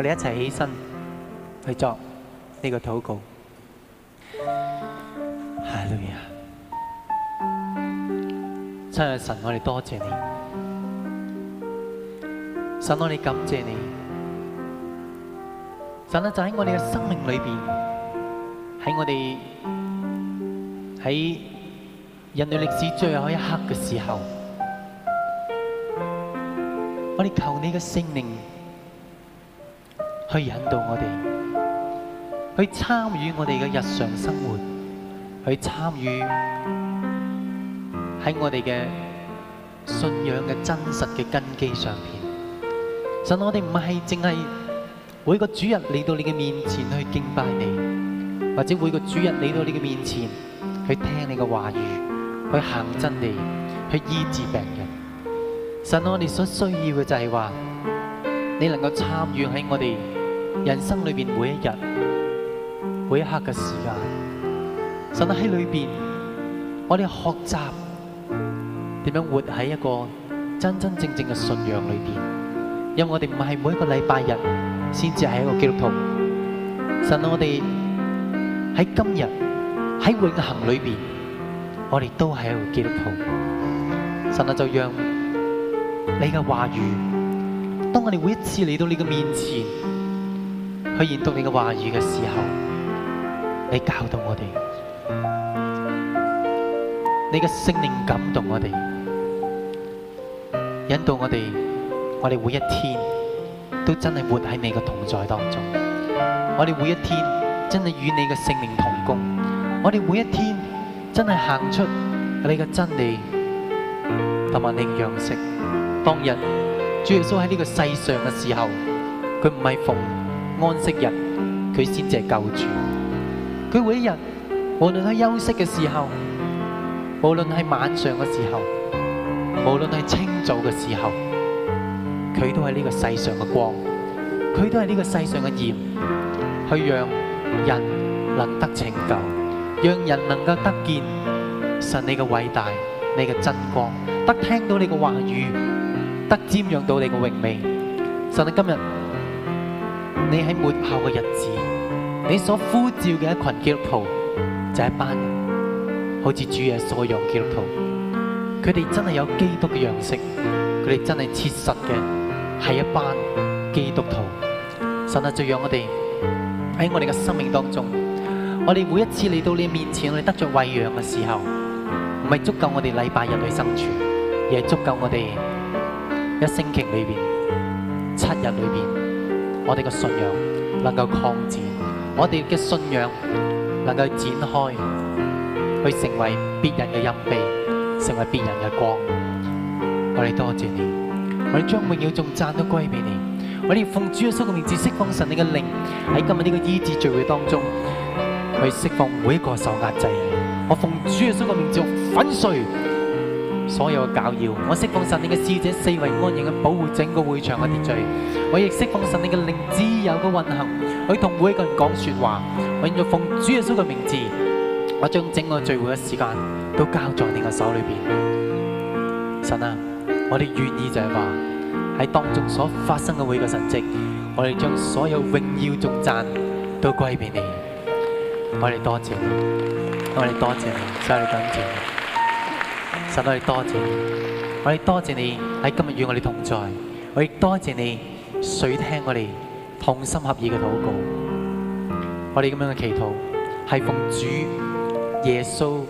我哋一齊起身去作呢個禱告。哈利啊！親愛的神，我哋多謝你，神，我哋感謝你，神啊！就喺我哋嘅生命裏邊，喺我哋喺人類歷史最後一刻嘅時候，我哋求你嘅聖靈。去引導我哋，去參與我哋嘅日常生活，去參與喺我哋嘅信仰嘅真實嘅根基上面。神，我哋唔係淨係每個主日嚟到你嘅面前去敬拜你，或者每個主日嚟到你嘅面前去聽你嘅話語，去行真理，去醫治病人。神，我哋所需要嘅就係話，你能夠參與喺我哋。人生裏邊每一日每一刻嘅時間，神啊喺裏邊，我哋學習點樣活喺一個真真正正嘅信仰裏邊。因為我哋唔係每一個禮拜日先至係一個基督徒，神啊，我哋喺今日喺永恆裏邊，我哋都係一個基督徒。神就讓你嘅話語，當我哋每一次嚟到你嘅面前。去閱讀你嘅話語嘅時候，你教導我哋，你嘅聖靈感動我哋，引導我哋，我哋每一天都真係活喺你嘅同在當中。我哋每一天真係與你嘅聖靈同工，我哋每一天真係行出你嘅真理同埋你嘅樣式。當日主耶穌喺呢個世上嘅時候，佢唔係服。安息日，佢先至係救主。佢每一日，無論喺休息嘅時候，無論喺晚上嘅時候，無論喺清早嘅時候，佢都係呢個世上嘅光，佢都係呢個世上嘅鹽，去讓人能得拯救，讓人能夠得見神你嘅偉大，你嘅真光，得聽到你嘅話語，得瞻仰到你嘅榮美。神你今日。你喺末後嘅日子，你所呼召嘅一群基督徒就係、是、一班，好似主耶穌一樣嘅基督徒，佢哋真係有基督嘅樣式，佢哋真係切實嘅係一班基督徒。神啊，就讓我哋喺我哋嘅生命當中，我哋每一次嚟到你面前，我哋得着餵養嘅時候，唔係足夠我哋禮拜日去生存，而係足夠我哋一星期裏邊七日裏邊。我哋嘅信仰能夠擴展，我哋嘅信仰能夠展開，去成為別人嘅蔭庇，成為別人嘅光。我哋多謝你，我哋將榮耀仲讚都歸俾你。我哋奉主耶穌嘅名字釋放神你嘅靈，喺今日呢個醫治聚會當中，去釋放每一個受壓制。我奉主耶穌嘅名字用粉碎。所有嘅教耀，我釋放神你嘅使者四圍安營去保護整個會場嘅秩序。我亦釋放神你嘅靈自由嘅運行，去同每一個人講說話。我再奉主耶穌嘅名字，我將整個聚會嘅時間都交在你嘅手裏邊。神啊，我哋願意就係話喺當中所發生嘅每個神蹟，我哋將所有榮耀頌讚都歸俾你。我哋多謝你，我哋多謝你，謝你感謝。神，我哋多謝，我哋多謝你喺今日與我哋同在，我亦多謝你垂聽我哋同心合意嘅禱告。我哋咁樣嘅祈禱係奉主耶穌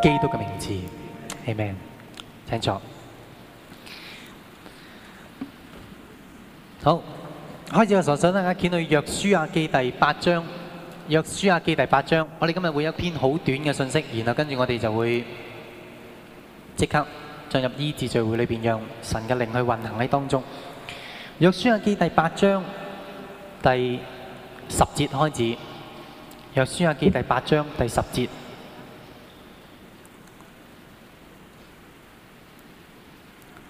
基督嘅名字，Amen。請坐。好，開始嘅時候，想大家見到《約書亞記》第八章，《約書亞記》第八章，我哋今日會有一篇好短嘅信息，然後跟住我哋就會。即刻進入醫治聚會裏面，讓神嘅靈去運行喺當中。約書亞記第八章第十節開始，約書亞記第八章第十節，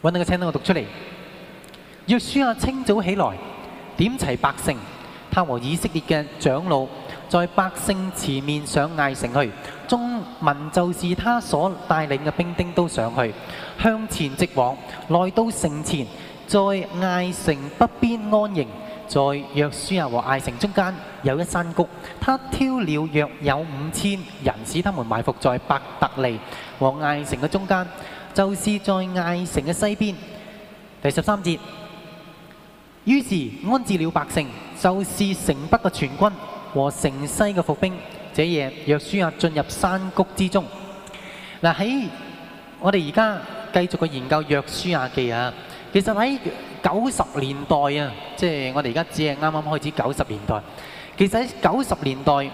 揾到個請，等我讀出嚟。約書亞清早起來，點齊百姓，他和以色列嘅長老，在百姓前面上艾城去，眾民就是他所帶領嘅兵丁都上去向前直往，來到城前，在艾城北邊安營，在約書亞和艾城中間有一山谷，他挑了約有五千人，使他們埋伏在伯特利和艾城嘅中間，就是在艾城嘅西邊。第十三節，於是安置了百姓，就是城北嘅全軍。和城西嘅伏兵，這夜約書亞進入山谷之中。嗱，喺我哋而家繼續嘅研究約書亞記啊，其實喺九十年代啊，即係我哋而家只係啱啱開始九十年代。其實喺九十年代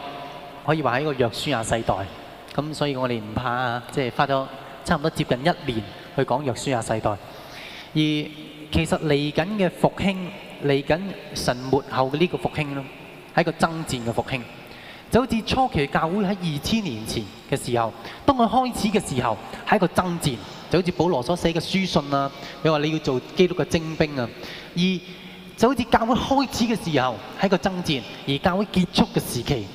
可以話係個約書亞世代，咁所以我哋唔怕，即係花咗差唔多接近一年去講約書亞世代。而其實嚟緊嘅復興，嚟緊神末後嘅呢個復興咯。係一個爭戰嘅復興，就好似初期嘅教會喺二千年前嘅時候，當佢開始嘅時候，係一個爭戰，就好似保羅所寫嘅書信啦，啊。佢話你要做基督嘅精兵啊。而就好似教會開始嘅時候係一個爭戰，而教會結束嘅時期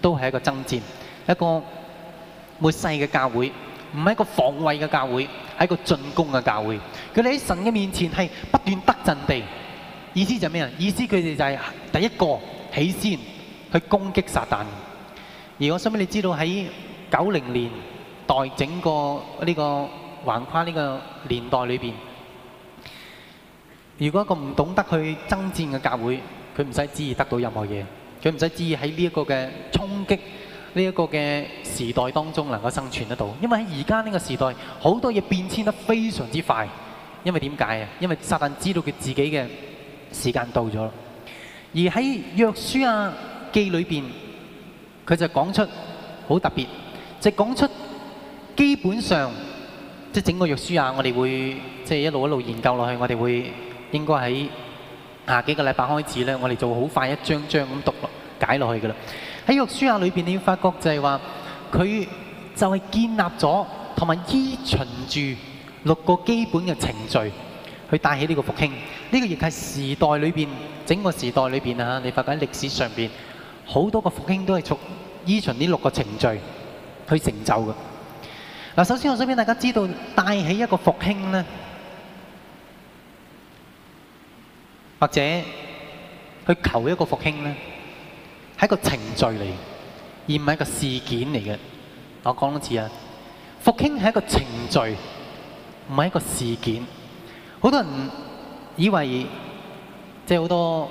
都係一個爭戰，一個末世嘅教會唔係一個防衞嘅教會，係一個進攻嘅教會。佢哋喺神嘅面前係不斷得陣地，意思就咩啊？意思佢哋就係第一個。起先去攻擊撒但，而我想俾你知道喺九零年代整個呢個橫跨呢個年代裏邊，如果一個唔懂得去爭戰嘅教會，佢唔使旨意得到任何嘢，佢唔使旨意喺呢一個嘅衝擊呢一個嘅時代當中能夠生存得到。因為喺而家呢個時代好多嘢變遷得非常之快，因為點解啊？因為撒但知道佢自己嘅時間到咗。而喺約書亞記裏面，佢就講出好特別，就講出基本上，即、就是、整個約書亞我們，我哋會即一路一路研究落去，我哋會應該喺下幾個禮拜開始呢，我哋就會好快一章章咁讀解落去嘅喇。在喺約書亞裏面，你你發覺就係話佢就係建立咗同埋依循住六個基本嘅程序，去帶起呢個復興，呢個亦係時代裏邊整個時代裏邊啊！你發覺喺歷史上邊好多個復興都係從依循呢六個程序去成就嘅嗱。首先，我想俾大家知道帶起一個復興咧，或者去求一個復興咧，係一個程序嚟，而唔係一個事件嚟嘅。我講多次啊，復興係一個程序，唔係一個事件。好多人以為即係好多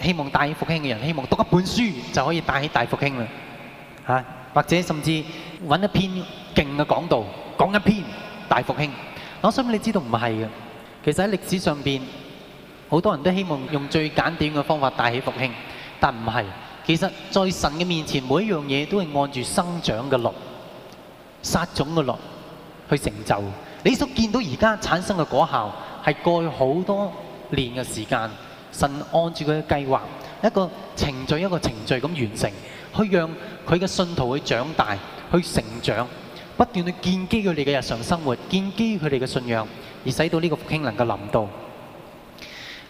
希望帶起復興嘅人，希望讀一本書就可以帶起大復興啦、吓，或者甚至揾一篇勁嘅講道講一篇大復興。我想你知道唔係嘅，其實喺歷史上邊，好多人都希望用最簡短嘅方法帶起復興，但唔係。其實在神嘅面前，每一樣嘢都係按住生長嘅律、撒種嘅律去成就。你所見到而家產生嘅果效，係過去好多年嘅時間，神按照佢嘅計劃，一個程序一個程序咁完成，去讓佢嘅信徒去長大，去成長，不斷去建基佢哋嘅日常生活，建基佢哋嘅信仰，而使到呢個復興能夠臨到。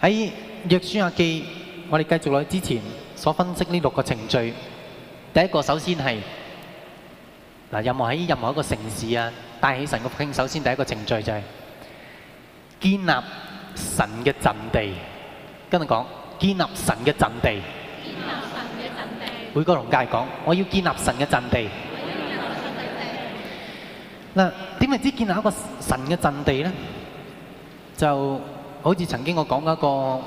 喺約書亞記，我哋繼續落去之前所分析呢六個程序。第一個首先係，嗱，任何喺任何一個城市啊，帶起神嘅復興，首先第一個程序就係。建立神嘅陣地，跟住講建立神嘅陣，陣地。每個龍界講，我要建立神嘅陣地。嗱，點樣知建立一個神嘅陣地咧？就好似曾經我講嗰個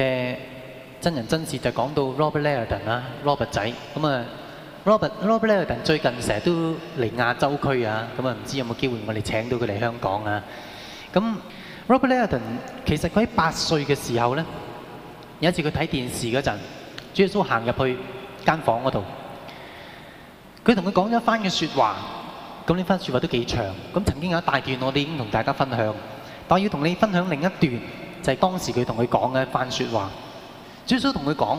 嘅真人真事，就講到 Robert Lairdon 啦，Robert 仔咁啊。Robert Robert Lairdon 最近成日都嚟亞洲區啊，咁啊唔知有冇機會我哋請到佢嚟香港啊？咁 Robert Layton 其實佢喺八歲嘅時候咧，有一次佢睇電視嗰陣，耶穌行入去間房嗰度，佢同佢講咗返番嘅說話。咁呢番說話都幾長，咁曾經有一大段我哋已經同大家分享，但我要同你分享另一段就係當時佢同佢講嘅一番說話。耶穌同佢講：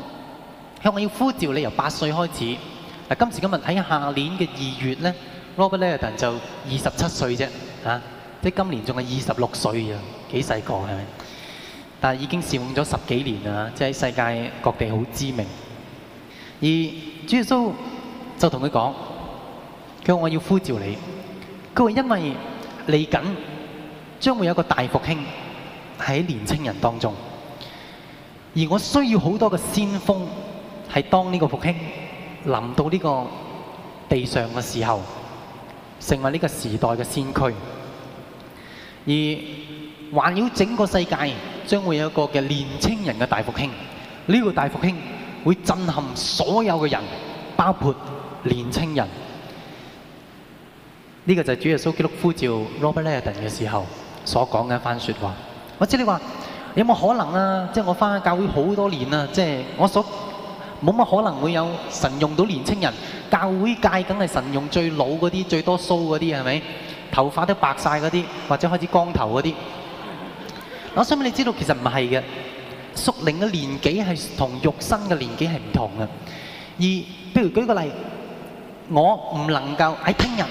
向我要呼召你由八歲開始。嗱，今時今日睇下年嘅二月咧，Robert Layton 就二十七歲啫，吓即係今年仲係二十六歲啊，幾細個係咪？但係已經侍奉咗十幾年啦，即係喺世界各地好知名。而耶穌就同佢講，佢話我要呼召你。佢話因為嚟緊將會有一個大復興喺年青人當中，而我需要好多嘅先鋒係當呢個復興臨到呢個地上嘅時候，成為呢個時代嘅先驅。而環繞整個世界將會有一個嘅年輕人嘅大復興，呢、這個大復興會震撼所有嘅人，包括年輕人。呢、這個就係主耶穌基督呼召 Robert Eden 嘅時候所講嘅一番說話。我知你話有冇有可能啊？即、就、係、是、我返教會好多年啦，即、就、係、是、我所冇乜可能會有神用到年輕人，教會界梗係神用最老嗰啲、最多鬚嗰啲係咪？是頭髮都白晒嗰啲，或者開始光頭嗰啲。我想畀你知道其實唔係嘅，屬靈嘅年紀係同肉身嘅年紀係唔同嘅。而，譬如舉個例，我唔能夠喺聽日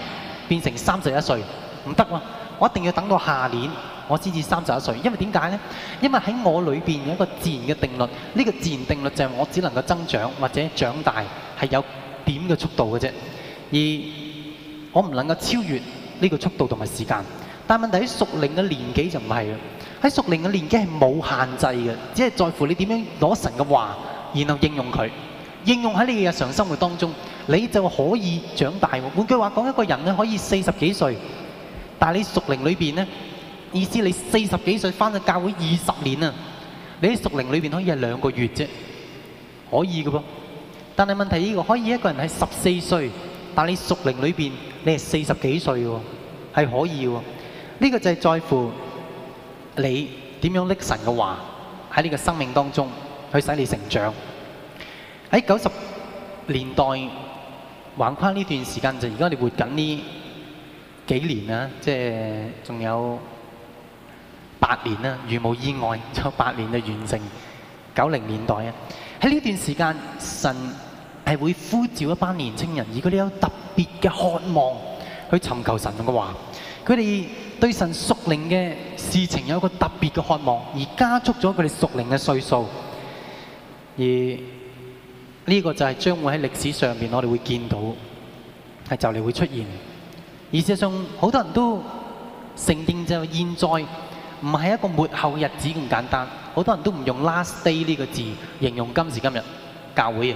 變成三十一歲，唔得喎。我一定要等到下年，我先至三十一歲。因為點解呢？因為喺我裏邊有一個自然嘅定律，呢個自然定律就係我只能夠增長或者長大係有點嘅速度嘅啫。而我唔能夠超越。呢、個速度同埋時間，但問題喺屬靈嘅年紀就唔係啦。喺屬靈嘅年紀係冇限制嘅，只係在乎你點樣攞神嘅話，然後應用佢，應用喺你嘅日常生活當中，你就可以長大。換句話講，一個人咧可以四十幾歲，但係你屬靈裏邊呢，意思你四十幾歲翻去教會二十年啊，你喺屬靈裏邊可以係兩個月啫，可以嘅噃。但係問題呢、個可以一個人喺十四歲，但係你屬靈裏邊。你係四十幾歲喎，係可以喎。呢、呢個就係在乎你點樣拎神嘅話，喺你個生命當中去使你成長。喺九十年代橫跨呢段時間就而家你活緊呢幾年啦，即係仲有八年啦，如無意外就八年就完成九零年代啊。喺呢段時間神。係會呼召一班年青人，如果你有特別嘅渴望去尋求神嘅話，佢哋對神屬靈嘅事情有一個特別嘅渴望，而加速咗佢哋屬靈嘅歲數。而呢個就係將會喺歷史上面我哋會見到，係就嚟會出現。而事實上，好多人都承認就現在唔係一個末後日子咁簡單，好多人都唔用 last day 呢個字形容今時今日教會。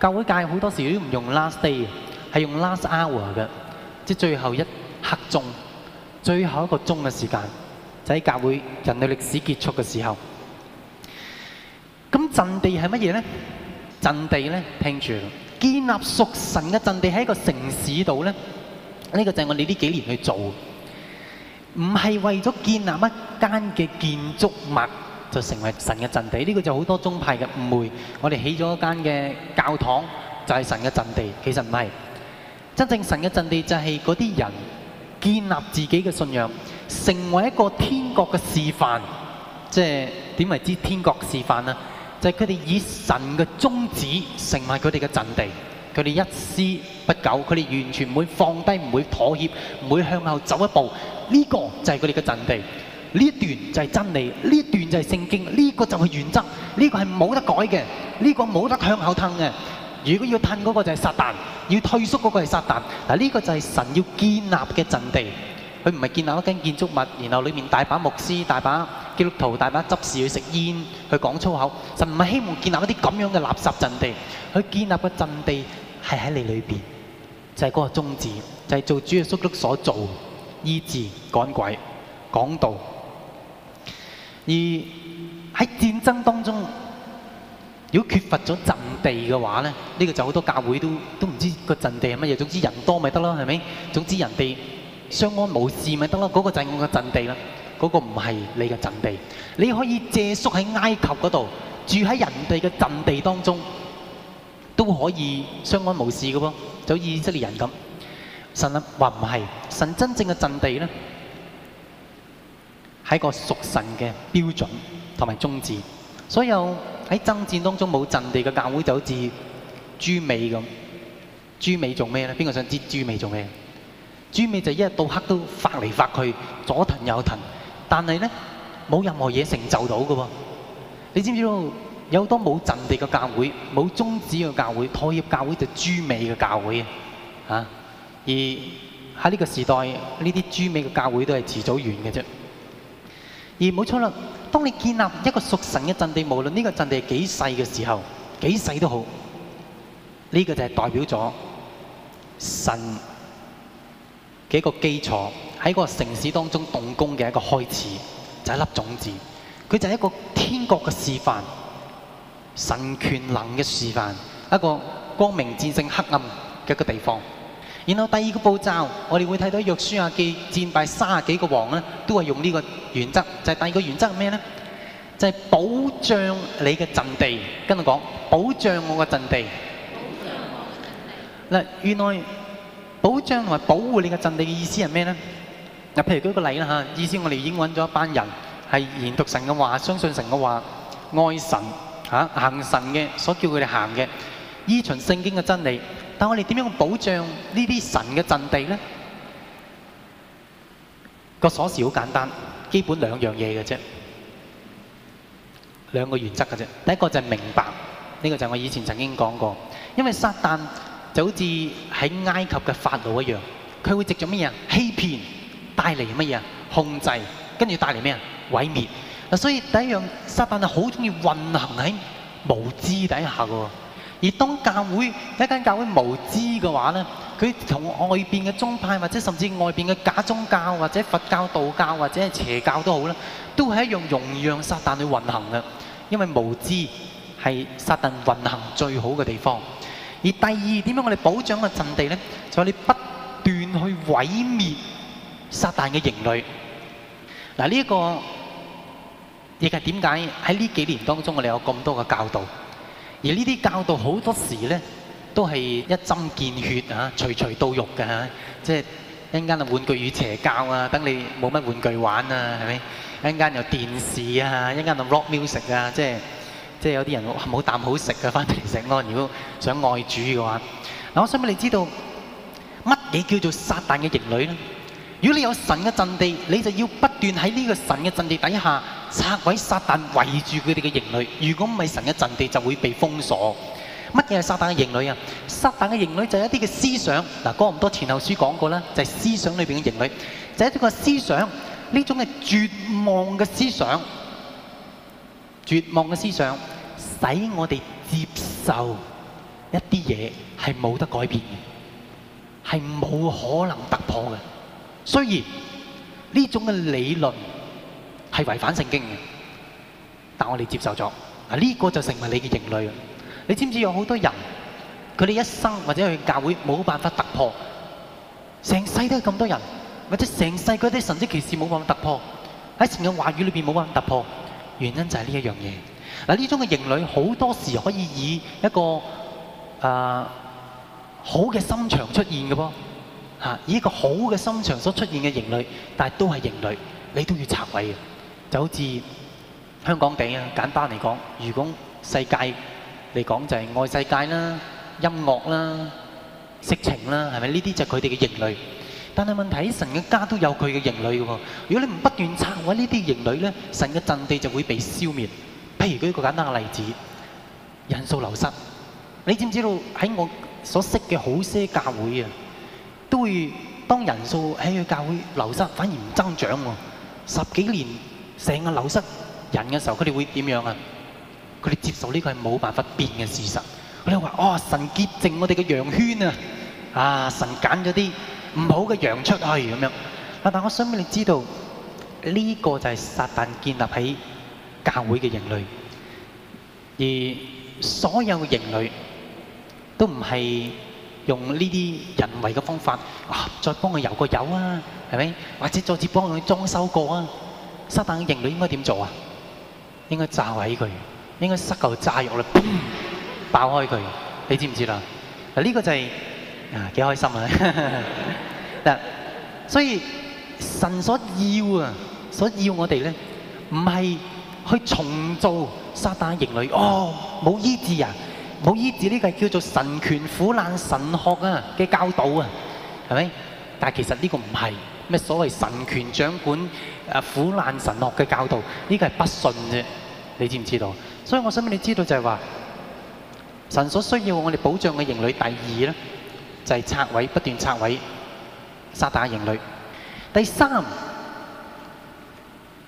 教會界好多時都唔用 last day，係用 last hour 嘅，即係最後一刻鐘、最後一個鐘嘅時間，就喺、是、教會人類歷史結束嘅時候。咁陣地係乜嘢呢？陣地呢？聽住建立屬神嘅陣地喺一個城市度，這呢個就係我哋呢幾年去做的，唔係為咗建立一間嘅建築物。就成為神嘅陣地，呢個就好多宗派嘅誤會。我哋起咗一間嘅教堂，就係神嘅陣地，其實唔係。真正神嘅陣地就係嗰啲人建立自己嘅信仰，成為一個天國嘅示範。即係點為之天國示範呢？就係佢哋以神嘅宗旨成為佢哋嘅陣地。佢哋一絲不苟，佢哋完全唔會放低，唔會妥協，唔會向後走一步。呢個就係佢哋嘅陣地。呢一段就係真理，呢一段就係聖經，呢、這個就係原則，呢、這個係冇得改嘅，呢、這個冇得向後褪嘅。如果要褪嗰個就係撒旦，要退縮嗰個係撒旦。嗱，呢個就係神要建立嘅陣地，佢唔係建立一間建築物，然後裡面大把牧師、大把基督徒、大把執事去食煙去講粗口。神唔係希望建立一啲咁樣嘅垃圾陣地，佢建立嘅陣地係喺你裏邊，就係、是、嗰個宗旨，就係、是、做主嘅耶穌所做，醫治趕鬼講道。而喺戰爭當中，如果缺乏咗陣地嘅話咧，呢個就好多教會都都唔知個陣地係乜嘢，總之人多咪得咯，係咪？總之人哋相安無事咪得咯，嗰個就係我嘅陣地啦，嗰個唔係你嘅陣地。你可以借宿喺埃及嗰度，住喺人哋嘅陣地當中，都可以相安無事嘅噃，就好似以色列人咁。神咧，話唔係神真正嘅陣地咧？係個屬神嘅標準同埋宗旨，所有喺爭戰當中冇陣地嘅教會就好似豬尾咁，豬尾做咩咧？邊個想知豬尾做咩？豬尾就一日到黑都發嚟發去，左騰右騰，但係咧冇任何嘢成就到嘅喎、啊。你知唔知道有好多冇陣地嘅教會，冇宗旨嘅教會，妥協教會就豬尾嘅教會、啊啊、而喺呢個時代，呢啲豬尾嘅教會都係遲早完嘅啫。而冇錯啦！當你建立一個屬神嘅陣地，無論呢個陣地係幾細嘅時候，幾細都好，呢、呢個就係代表咗神嘅一個基礎喺個城市當中動工嘅一個開始，就係、一粒種子，佢就係一個天國嘅示範，神權能嘅示範，一個光明戰勝黑暗嘅一個地方。然後第二個步驟，我哋會睇到約書亞記戰敗三十幾個王咧，都係用呢個原則。就係、第二個原則係咩咧？就係、係、保障你嘅陣地。跟住講，保障我嘅陣地。嗱，原來保障同埋保護你嘅陣地嘅意思係咩咧？嗱，譬如舉個例啦吓，意思我哋已經揾咗一班人係研讀神嘅話，相信神嘅話，愛神吓行神嘅所叫佢哋行嘅依循聖經嘅真理。但我哋點樣保障呢啲神嘅陣地呢？個鎖匙好簡單，基本兩樣嘢嘅啫，兩個原則嘅啫。第一個就係明白，呢個就係我以前曾經講過。因為撒旦就好似喺埃及嘅法老一樣，佢會藉著乜嘢欺騙，帶嚟乜嘢控制，跟住帶嚟咩啊毀滅。所以第一樣撒旦係好鍾意運行喺無知底下喎。而當教會一間教會無知嘅話咧，佢從外邊嘅宗派或者甚至外邊嘅假宗教或者佛教、道教或者邪教都好啦，都係一樣容讓撒但去運行嘅，因為無知係撒但運行最好嘅地方。而第二點樣我哋保障個陣地咧，就係你不斷去毀滅撒但嘅營壘。嗱呢個亦係點解喺呢幾年當中我哋有咁多嘅教導。而呢啲教導好多時咧，都係一針見血嚇，隨隨到肉嘅嚇，即係一陣間就玩具與邪教啊，等你冇乜玩具玩啊，係咪？一陣間又電視啊，一陣間就 rock music 啊，即係即係有啲人冇啖好食嘅翻嚟提醒囉，如果想愛主嘅話，嗱，我想問你知道乜嘢叫做撒但嘅淫女咧？如果你有神嘅陣地，你就要不斷喺呢個神嘅陣地底下拆毀撒旦圍住佢哋嘅營壘。如果唔係，神嘅陣地就會被封鎖。乜嘢係撒旦嘅營壘啊？撒旦嘅營壘就係一啲嘅思想。嗱，哥林多前後書講過啦，就係思想裏邊嘅營壘，就係一種思想。呢種係絕望嘅思想，絕望嘅思想使我哋接受一啲嘢係冇得改變嘅，係冇可能突破嘅。雖然呢種嘅理論係違反聖經嘅，但我哋接受咗。這呢個就成為你嘅營壘。你知唔知有好多人佢哋一生或者去教會冇辦法突破，成世都係咁多人，或者成世嗰啲神蹟奇事冇辦法突破，喺神嘅話語裏面冇辦法突破。原因就係呢一樣嘢。嗱，呢種嘅營壘好多時候可以以一個、呃、好嘅心腸出現嘅噃。嚇！以一個好嘅心腸所出現嘅營壘，但係都係營壘，你都要拆毀嘅。就好似香港地啊，簡單嚟講，如果世界嚟講就係愛世界啦、音樂啦、色情啦，係咪呢啲就係佢哋嘅營壘？但係問題是，神嘅家都有佢嘅營壘嘅喎。如果你唔不斷拆毀呢啲營壘咧，神嘅陣地就會被消滅。譬如舉一個簡單嘅例子，人數流失。你知唔知道喺我所識嘅好些教會啊？都會當人數喺佢教會流失，反而唔增長喎。十幾年成個流失人嘅時候，佢哋會點樣啊？佢哋接受呢個係冇辦法變嘅事實。佢哋話：哦，神潔淨我哋嘅羊圈啊！啊，神揀咗啲唔好嘅羊出去咁樣。啊，但我想俾你知道，呢個就係撒但建立喺教會嘅營壘，而所有嘅營壘都唔係。用呢啲人為嘅方法，啊，再幫佢油個油啊，係咪？或者再次幫佢裝修過啊？撒但營壘應該點做啊？應該炸毀佢，應該塞嚿炸藥嚟，砰，爆開佢，你知唔知啦？嗱，呢個就係啊，幾開心啊！嗱，所以神所要啊，所要我哋咧，唔係去重做撒但營壘，哦，冇醫治啊！冇醫治，呢個係叫做神權苦難神學嘅教導，係咪？但其實呢個唔係咩所謂神權掌管誒、啊、苦難神學嘅教導，呢個係不信的，你知唔知道？所以我想俾你知道就係話，神所需要我哋保障嘅兒女，第二就係拆毀，不斷拆毀撒但兒女。第三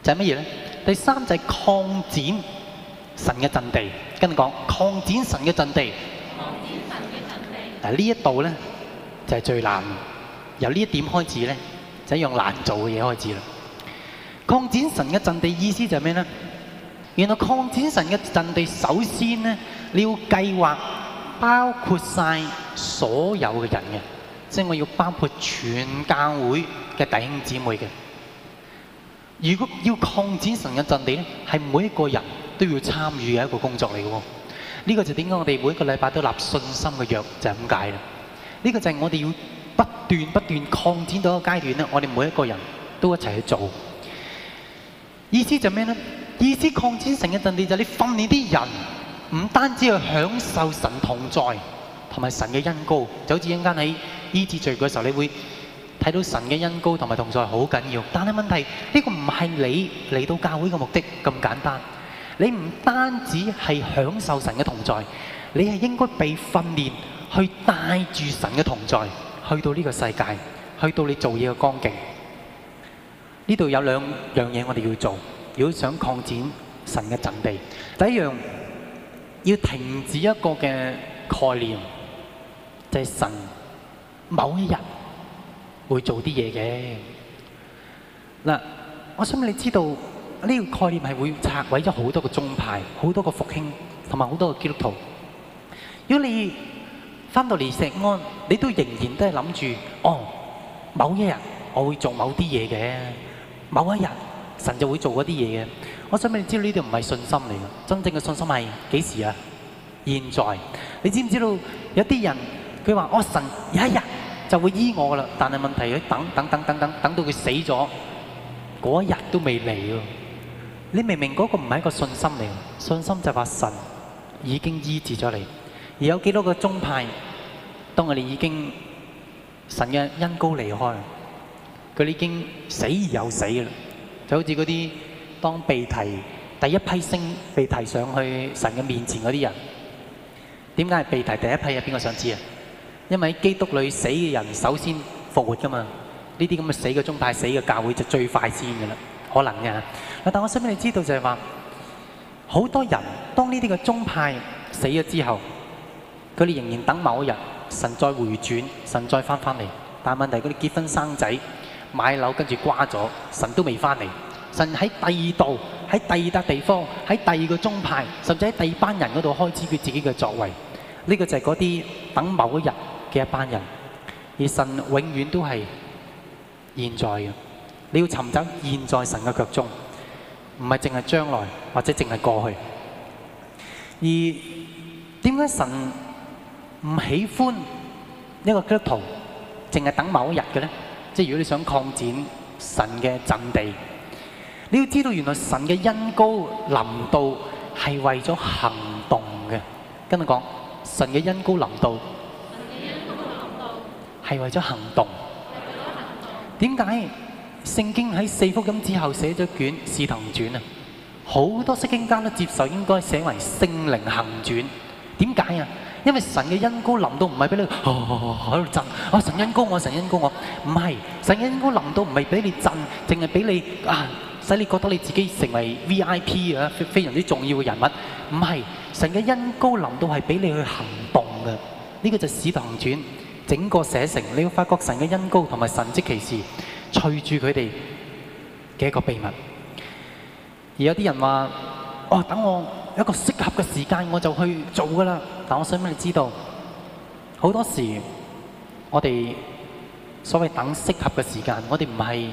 就是乜嘢呢？第三就是擴展。神嘅陣地，跟住講擴展神嘅陣地。擴展神嘅陣地。嗱、啊，呢一度咧就係、是、最難。由呢一點開始咧，就係用難做嘅嘢開始啦。擴展神嘅陣地意思就係咩咧？原來擴展神嘅陣地，首先咧你要計劃包括晒所有嘅人嘅，即係我要包括全教會嘅弟兄姊妹嘅。如果要擴展神嘅陣地咧，係每一個人，都要參與嘅一個工作嚟喎，呢個就點解我哋每一個禮拜都立信心嘅約，就係咁解啦。呢個就係我哋要不斷不斷擴展到一個階段啦。我哋每一個人都一齊去做，意思就咩呢？意思擴展成一陣地就係你訓練啲人，唔單止去享受神同在同埋神嘅恩膏，就好似一陣間喺醫治聚會嘅時候，你會睇到神嘅恩膏同埋同在，好緊要。但係問題呢個唔係你嚟到教會嘅目的咁簡單。你唔單止係享受神嘅同在，你係應該被訓練去帶住神嘅同在去到呢個世界，去到你做嘢嘅光景。呢度有兩樣嘢我哋要做，如果想擴展神嘅陣地，第一樣要停止一個嘅概念，就係、是、神某一日會做啲嘢嘅。嗱，我想你知道。呢個概念係會拆毀咗好多個宗派、好多個復興同埋好多個基督徒。如果你返到嚟石安，你都仍然都係諗住哦，某一日我會做某啲嘢嘅，某一日神就會做嗰啲嘢嘅。我想畀你知道，呢啲唔係信心嚟嘅。真正嘅信心係幾時啊？現在，你知唔知道有啲人佢話哦，神有一日就會醫我噶啦，但係問題佢等等等等等等到佢死咗嗰一日都未嚟喎。你明明嗰個唔係一個信心嚟，信心就係話神已經醫治咗你。而有幾多個宗派，當我哋已經神嘅恩膏離開，佢已經死而有死嘅喇。就好似嗰啲當被提第一批星被提上去神嘅面前嗰啲人，點解係被提第一批係邊個想知啊？因為基督裏死嘅人首先復活㗎嘛。呢啲咁嘅死嘅宗派、死嘅教會就最快先嘅喇，可能嘅。但我想俾你知道，就係話好多人，當呢啲嘅宗派死咗之後，佢哋仍然等某一日神再回轉，神再返返嚟。但問題，佢哋結婚生仔、買樓，跟住瓜咗，神都未返嚟。神喺第二度，喺第二笪地方，喺第二個宗派，甚至喺第二班人嗰度開始佢自己嘅作為。呢、呢個就係嗰啲等某一日嘅一班人。而神永遠都係現在嘅，你要尋找現在神嘅腳蹤。唔係淨係將來，或者淨係過去。而點解神唔喜歡一個基督徒淨係等某一日嘅呢？即係如果你想擴展神嘅陣地，你要知道原來神嘅恩高臨到係為咗行動嘅。跟你講，神嘅恩高臨到係為咗行動。為咗行動。點解？聖經喺四福音之後寫咗卷使徒傳啊，好多釋經家都接受應該寫為聖靈行傳。點解啊？因為神嘅恩膏臨到唔係畀你喺度震，我神恩膏我，神恩膏我，唔係，神嘅恩膏臨到唔係畀你震，淨係畀你啊，使你覺得你自己成為 V I P 啊，非常之重要嘅人物。唔係，神嘅恩膏臨到係俾你去行動嘅，呢個就使徒傳整個寫成，你會發覺神嘅恩膏同埋神蹟奇事。隨住佢哋嘅一個秘密，而有啲人話：哦，等我有一個適合嘅時間，我就去做噶啦。但我想俾你知道，好多時我哋所謂等適合嘅時間，我哋唔係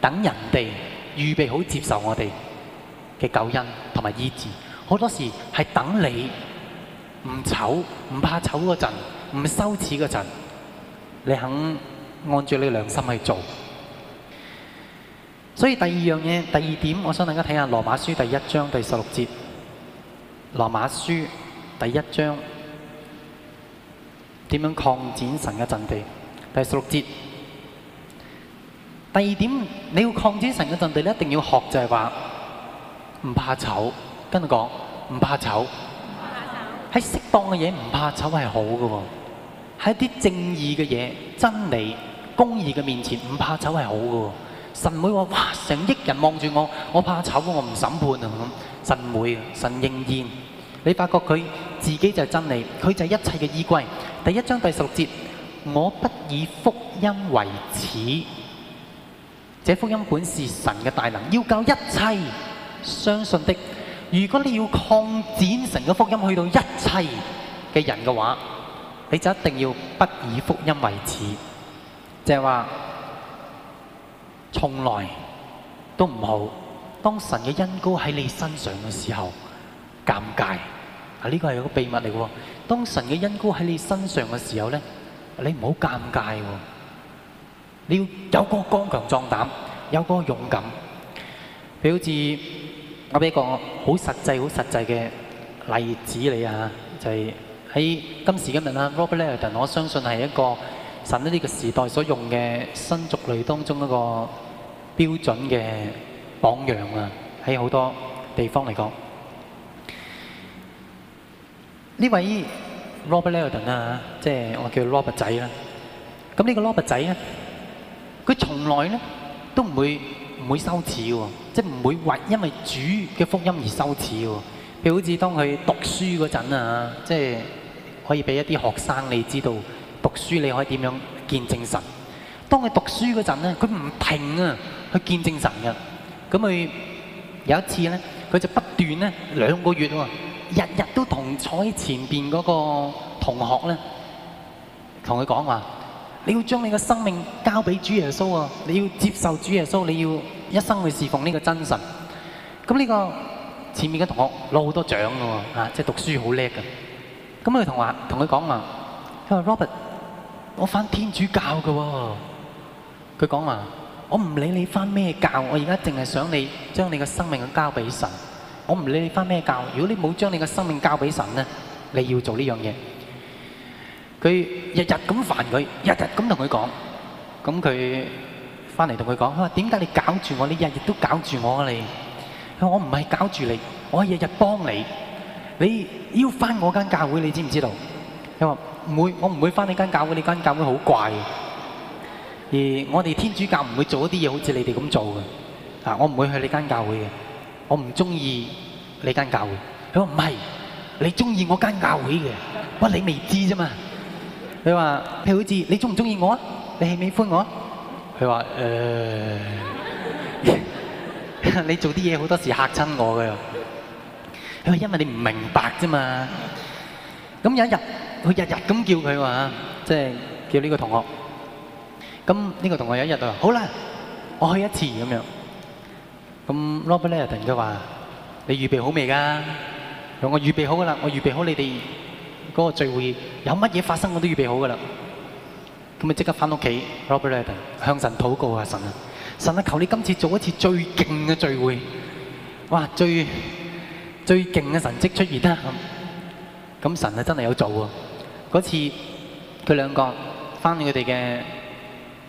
等人哋預備好接受我哋嘅救恩同埋醫治，好多時係等你唔醜唔怕醜嗰陣，唔羞恥嗰陣，你肯按住你良心去做。所以第二樣嘢，第二點，我想大家睇下《羅馬書》第一章第十六節，《羅馬書》第一章點樣擴展神嘅陣地？第十六節，第二點，你要擴展神嘅陣地，你一定要學就係話唔怕醜。跟住講唔怕醜，喺適當嘅嘢唔怕醜係好嘅喎。喺啲正義嘅嘢、真理、公義嘅面前唔怕醜係好嘅。神妹，話，哇！成億人望住我，我怕醜，我唔審判啊、嗯！神妹，神應驗。你發覺佢自己就是真理，佢就是一切嘅依歸。第一章第十節，我不以福音為恥。這福音本是神嘅大能，要救一切相信的。如果你要擴展成個福音去到一切嘅人嘅話，你就一定要不以福音為恥。就係話。從來都唔好。當神嘅恩膏喺你身上嘅時候，尷尬啊！呢個係個秘密嚟嘅。當神嘅恩膏喺你身上嘅時候咧，你唔好尷尬，你要有個剛強壯膽，有個勇敢。譬如好似我俾一個好實際、好實際嘅例子你啊，就係喺今時今日啦，Robert Newton，我相信係一個。神呢個時代所用嘅新族類當中一個標準嘅榜樣啊，喺好多地方嚟講，呢位 Robert Eldon 啊，即係我叫 Robert 仔啦。咁呢個 Robert 仔咧，佢從來咧都唔會唔會羞恥嘅喎，即係唔會為因為主嘅福音而羞恥嘅喎。譬如好似當佢讀書嗰陣啊，即係可以俾一啲學生你知道。讀書你可以點樣見證神？當佢讀書嗰陣咧，佢唔停啊，去見證神噶。咁佢有一次咧，佢就不斷咧兩個月喎，日日都同坐喺前邊嗰個同學咧，同佢講話：你要將你嘅生命交俾主耶穌啊，你要接受主耶穌，你要一生去侍奉呢個真神。咁呢個前面嘅同學攞好多獎嘅喎，即係讀書好叻嘅。咁佢同話同佢講話，佢話 Robert。我翻天主教㗎喎，佢講話我唔理你翻咩教，我而家淨係想你將你嘅生命交俾神。我唔理你翻咩教，如果你冇將你嘅生命交俾神呢，你要做呢樣嘢。佢日日咁煩佢，日日咁同佢講，咁佢翻嚟同佢講，佢話點解你搞住我？你日日都搞住我啊！你，我唔係搞住你，我係日日幫你。你要翻我間教會，你知唔知道？佢話。唔會，我唔會返你間教會，你間教會好怪。而我哋天主教唔會做一啲嘢，好似你哋咁做嘅。啊，我唔會去你間教會嘅，我唔中意你間教會。佢話唔係，你中意我間教會嘅，喂，你未知啫嘛。佢話，你好似你中唔中意我啊？你喜唔喜歡我啊？佢話誒，你做啲嘢好多時嚇親我嘅。佢話因為你唔明白啫嘛。咁有一日。佢日日咁叫佢嘛，即係叫呢個同學。咁呢個同學有一日就話：好啦，我去一次咁樣。咁 Robert Liardon 就話：你預備好未㗎？我預備好㗎啦，我預備好你哋嗰個聚會有乜嘢發生我都預備好㗎啦。咁咪即刻返屋企，Robert Liardon 向神禱告啊！神啊，神啊，求你今次做一次最勁嘅聚會。哇！最最勁嘅神蹟出現啦！咁神啊，真係有做喎。嗰次佢兩個翻去佢哋嘅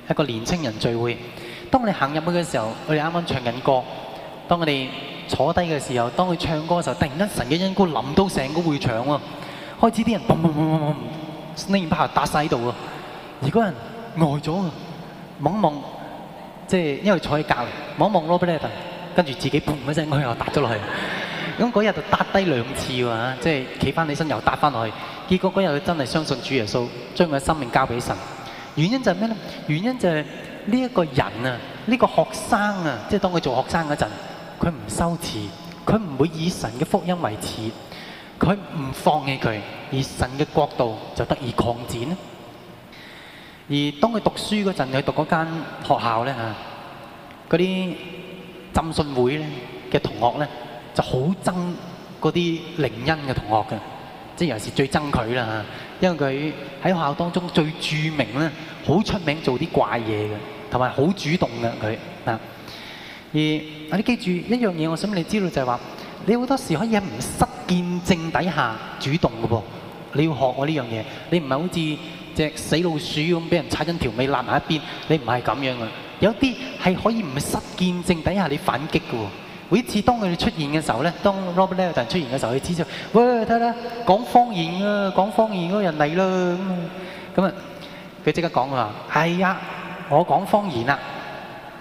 一個年輕人聚會，當我哋行入去嘅時候，佢哋啱啱唱緊歌。當我哋坐低嘅時候，當佢唱歌嘅時候，突然間神經緊過諗到成個會場喎。開始啲人砰砰砰砰砰砰砰砰砰砰砰砰砰，而嗰人呆咗啊，猛望即係因為坐喺隔離，猛望 Robert，跟住自己砰一聲向後打咗落去。咁嗰日就打低兩次喎，即係企翻起身又打翻落去。結果嗰日佢真係相信主耶穌，將佢嘅生命交畀神。原因就係咩呢？原因就係、是、呢、這個人啊，呢、這個學生啊，即係當佢做學生嗰陣，佢唔羞恥，佢唔會以神嘅福音為恥，佢唔放棄佢，而神嘅國度就得以擴展。而當佢讀書嗰陣，佢讀嗰間學校呢，啊，嗰啲浸信會咧嘅同學呢，就好憎嗰啲靈恩嘅同學嘅即係有時最憎佢啦嚇，因為佢喺學校當中最著名咧，好出名做啲怪嘢嘅，同埋好主動嘅佢啊。而你記住一樣嘢，我想你知道就係話，你好多時可以喺唔失見證底下主動嘅噃。你要學我呢樣嘢，你唔係好似隻死老鼠咁俾人踩親條尾攔埋一邊，你唔係咁樣嘅。有啲係可以唔失見證底下你反擊嘅喎。每次當佢哋出現嘅時候咧，當 Robert Llewellyn 出現嘅時候，佢指出：喂，睇睇，講方言啊，講方言嗰人嚟啦。咁啊，佢即刻講佢話：係啊，我講方言啊，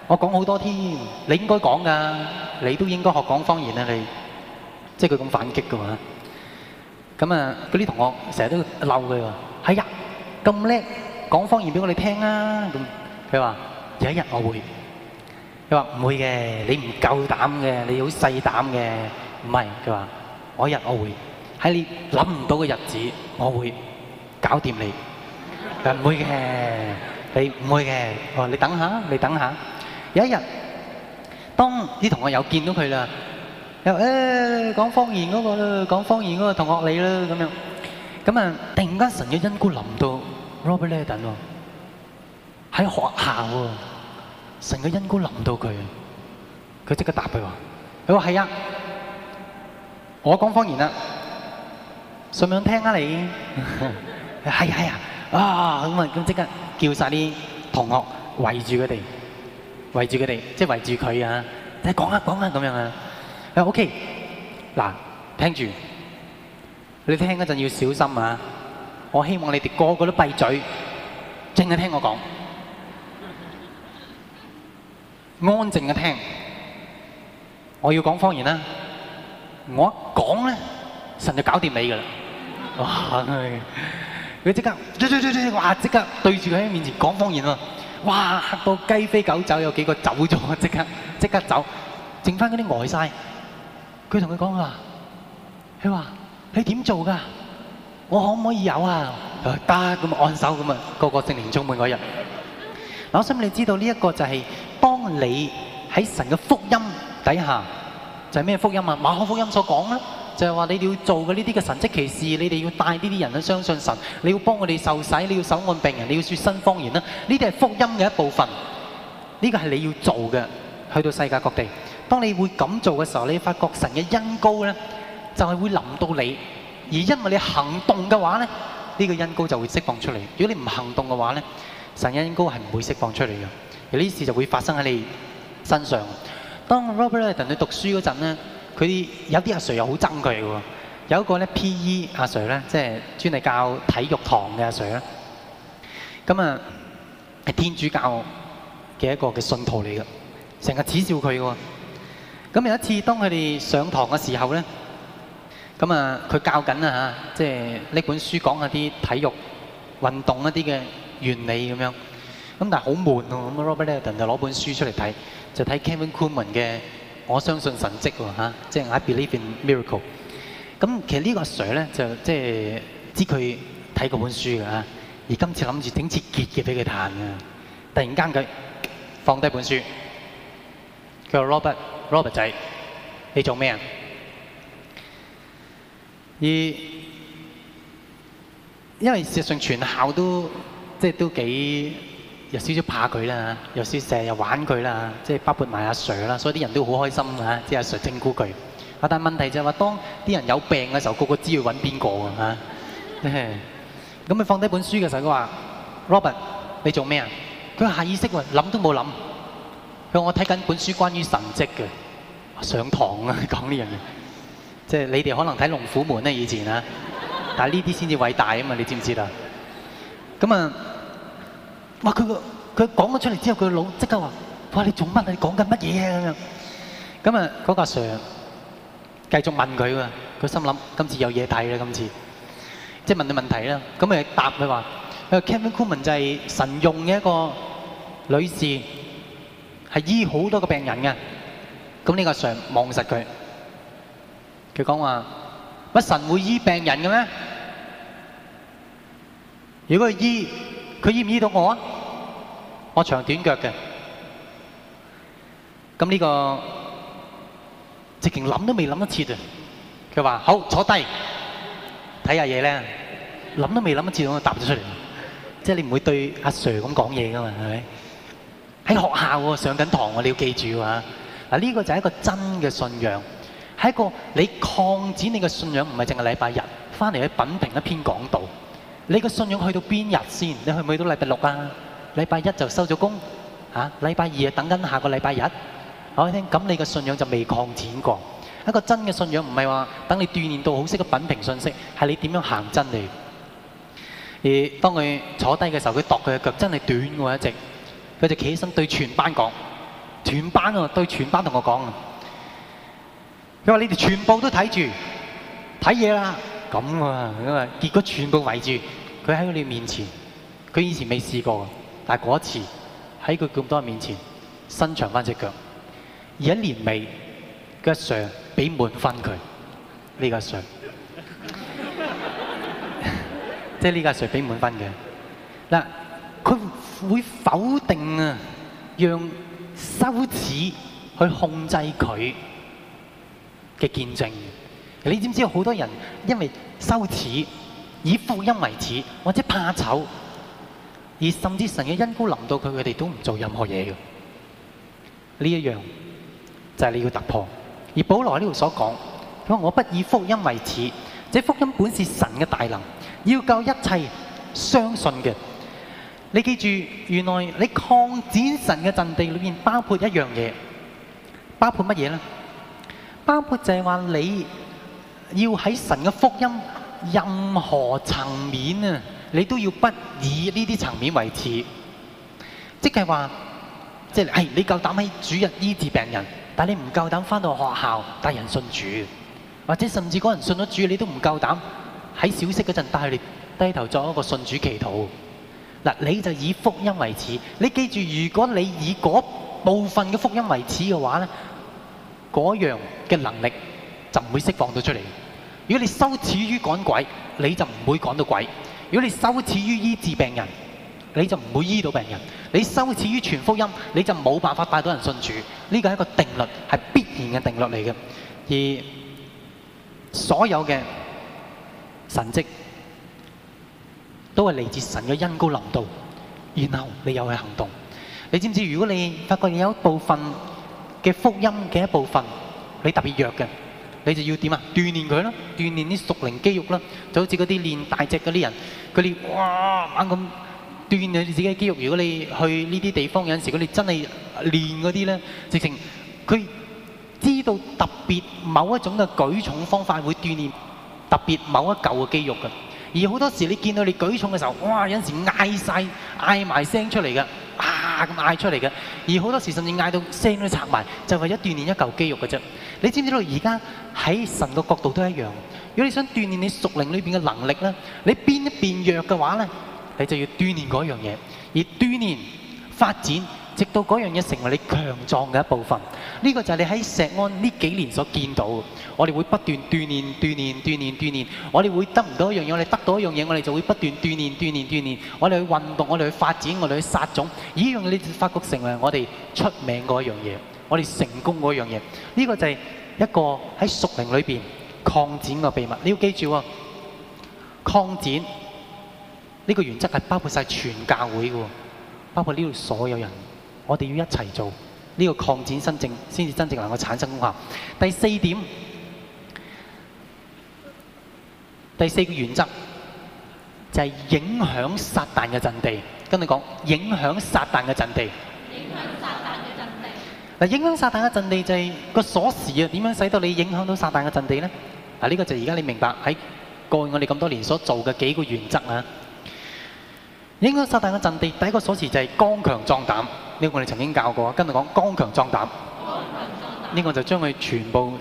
我講好多添，你應該講㗎，你都應該學講方言啊！你，即係佢咁反擊㗎嘛。咁啊，嗰啲同學成日都鬧佢話，係啊，咁叻，講方言俾我哋聽啊。咁佢話：有一日我會。佢話唔會嘅，你唔夠膽嘅，你好細膽嘅。唔係，佢話：嗰日我會喺你諗唔到嘅日子，我會搞掂你。佢話唔會嘅，你唔會嘅。哦，你等下，你等下。有一日，當啲同學又見到佢啦，又誒，講方言嗰個啦，講方言嗰個同學你啦，咁樣，咁啊突然間神嘅恩顧臨到 Robert Laidlaw 喎，喺學校喎。成個恩哥諗到佢，佢即刻答佢話：佢話係啊，我講方言啊，想唔想聽啊你？ 係啊係啊，啊咁啊咁即刻叫晒啲同學圍住佢哋，圍住佢哋即係圍住佢啊！你講啊講啊咁樣啊，啊 OK，嗱，聽住，你聽嗰陣要小心啊！我希望你哋個個都閉嘴，淨係聽我講。安靜嘅聽，我要講方言啦。我一講咧，神就搞掂你噶啦。哇！佢即刻，哇！即刻對住佢喺面前講方言喎。哇！嚇到雞飛狗走，有幾個走咗，即刻即刻走，剩翻嗰啲呆曬。佢同佢講佢話，佢話：你點做㗎？我可唔可以有啊？得咁按手咁啊，個個聖靈充滿嗰日。我想你知道呢一個就係。當你喺神嘅福音底下，就係咩福音啊？馬可福音所講啦，就係話你哋要做嘅呢啲嘅神蹟奇事，你哋要帶呢啲人去相信神，你要幫佢哋受洗，你要手按病人，你要説新方言啦，呢啲係福音嘅一部分。呢個係你要做嘅，去到世界各地。當你會咁做嘅時候，你發覺神嘅恩膏咧，就係會臨到你。而因為你行動嘅話咧，呢個恩膏就會釋放出嚟。如果你唔行動嘅話咧，神嘅恩膏係唔會釋放出嚟嘅。有啲事就會發生喺你身上。當 Robertson 佢讀書嗰陣咧，佢有啲阿 Sir 又好憎佢嘅喎。有一個咧 PE 阿 Sir 咧，即係專係教體育堂嘅阿 Sir 咧。咁啊，係天主教嘅一個嘅信徒嚟嘅，成日恥笑佢嘅喎。咁有一次，當佢哋上堂嘅時候咧，咁啊，佢教緊啊嚇，即係呢本書講下啲體育運動一啲嘅原理咁樣。咁但係好悶喎，咁啊 Robert Newton 就攞本書出嚟睇，就睇 Kathryn Kuhlman 嘅《我相信神蹟》喎嚇，即係 I Believe in Miracle。咁其實呢個阿 Sir 咧就即係知佢睇嗰本書㗎嚇，而今次諗住整次傑嘅俾佢彈㗎。突然間佢放低本書，佢話：Robert，Robert 仔，你做咩啊？而因為事實上全校都即係都幾。有少少怕佢啦，有少少成日玩佢啦，即係包括埋阿 Sir 啦，所以啲人都好開心啊！即係阿 Sir 照顧佢，啊但問題就係話，當啲人有病嘅時候，個個知要揾邊個啊？咁佢放低本書嘅時候，佢話：Robert，你做咩啊？佢下意識諗都冇諗，佢話我睇緊本書關於神蹟嘅上堂啊，講呢樣嘢，即係你哋可能睇《龍虎門》咧以前啊，但係呢啲先至偉大啊嘛，你知唔知啊？咁啊～哇！佢個佢講咗出嚟之後，佢個腦即刻話：哇！你做乜？你講緊乜嘢啊？咁啊，咁啊，嗰個 sir 繼續問佢啊。佢心諗：今次有嘢睇啦！今次即係問你問題啦。咁啊，答佢話：誒，Kathryn Kuhlman 就係神用嘅一個女士，係醫好多個病人嘅。咁呢個 sir 望實佢，佢講話：乜神會醫病人嘅咩？如果佢醫？佢意唔意到我啊？我長短腳嘅，咁呢個直情諗都未諗一次啊！佢話好，坐低睇下嘢咧，諗都未諗一次，我答咗出嚟。即係你唔會對阿 Sir 咁講嘢噶嘛？係咪？喺學校上緊堂，我你要記住吓，嗱，呢個就係一個真嘅信仰，係一個你擴展你嘅信仰，唔係淨係禮拜日翻嚟去品評一篇講道。你個信仰去到邊日先？你去唔去到禮拜六啊？禮拜一就收咗工嚇，禮拜二啊等緊下個禮拜日。我聽咁，你個信仰就未擴展過。一個真嘅信仰唔係話等你鍛鍊到好識嘅品評信息，係你點樣行真理。而當佢坐低嘅時候，佢度佢嘅腳真係短喎，一隻。佢就企起身對全班講：全班啊，對全班同我講啊。佢話：你哋全部都睇住，睇嘢啦。咁啊！咁啊！結果全部圍住佢喺我哋面前，佢以前未試過，但係嗰次喺佢咁多人面前伸長翻隻腳，而一年尾，個 sir 俾滿分佢呢、呢個 sir， 即係呢個 sir 俾滿分嘅。嗱，佢會否定啊，讓羞恥去控制佢嘅見證。你知唔知有好多人因為羞恥以福音為恥，或者怕醜，而甚至神嘅恩膏臨到佢，佢哋都唔做任何嘢嘅。呢一樣就係、是、你要突破。而保羅呢度所講，佢話我不以福音為恥，這福音本是神嘅大能，要救一切相信嘅。你記住，原來你擴展神嘅陣地裏面包括一樣嘢，包括乜嘢咧？包括就係話你。要喺神嘅福音任何層面啊，你都要不以呢啲層面為恥。即係話，即係、哎、你夠膽喺主日醫治病人，但你唔夠膽翻到學校帶人信主，或者甚至嗰人信咗主，你都唔夠膽喺小息嗰陣帶佢低頭做一個信主祈禱。嗱，你就以福音為恥。你記住，如果你以嗰部分嘅福音為恥嘅話咧，嗰樣嘅能力就唔會釋放到出嚟。如果你羞恥於趕鬼，你就唔會趕到鬼；如果你羞恥於醫治病人，你就唔會醫到病人；你羞恥於傳福音，你就冇辦法帶到人信主。呢個係一個定律，係必然嘅定律嚟嘅。而所有嘅神蹟都係嚟自神嘅恩膏臨到，然後你又去行動。你知唔知？如果你發覺你有一部分嘅福音嘅一部分，你特別弱嘅。你就要點啊？鍛鍊佢啦，鍛鍊啲屬靈肌肉啦，就好似嗰啲練大隻嗰啲人，佢哋哇猛咁鍛鍊自己嘅肌肉。如果你去呢啲地方有陣時，佢哋真係練嗰啲咧，直情佢知道特別某一種嘅舉重方法會鍛鍊特別某一嚿嘅肌肉嘅。而好多時你見到你舉重嘅時候，哇有陣時嗌晒、嗌埋聲出嚟嘅，啊咁嗌出嚟嘅。而好多時甚至嗌到聲都拆埋，就為咗鍛鍊一嚿肌肉嘅啫。你知唔知道而家？喺神嘅角度都一樣。如果你想鍛煉你屬靈裏邊嘅能力咧，你變一變弱嘅話咧，你就要鍛煉嗰樣嘢，而鍛煉發展，直到嗰樣嘢成為你強壯嘅一部分。呢個就係你喺石安呢幾年所見到嘅。我哋會不斷鍛煉鍛煉鍛煉鍛煉。我哋會得唔到一樣嘢，我哋得到一樣嘢，我哋就會不斷鍛煉鍛煉鍛煉。我哋去運動，我哋去發展，我哋去撒種。依樣你發覺成為我哋出名嗰樣嘢，我哋成功嗰樣嘢。呢個就係，一個喺屬靈裏邊擴展嘅秘密，你要記住啊。擴展呢、這個原則係包括晒全教會嘅，包括呢度所有人，我哋要一齊做呢、這個擴展新政，先至真正能夠產生功效。第四點，第四個原則就係、是、影響撒旦嘅陣地，跟你講影響撒旦嘅陣地。影響嗱，影響撒旦嘅陣地就係個鎖匙啊！點樣使到你影響到撒旦嘅陣地咧？嗱，呢個就而家你明白喺過去我哋咁多年所做嘅幾個原則啦。影響撒旦嘅陣地，第一個鎖匙就係剛強壯膽。呢個我哋曾經教過，今日講剛強壯膽。呢個就將佢全部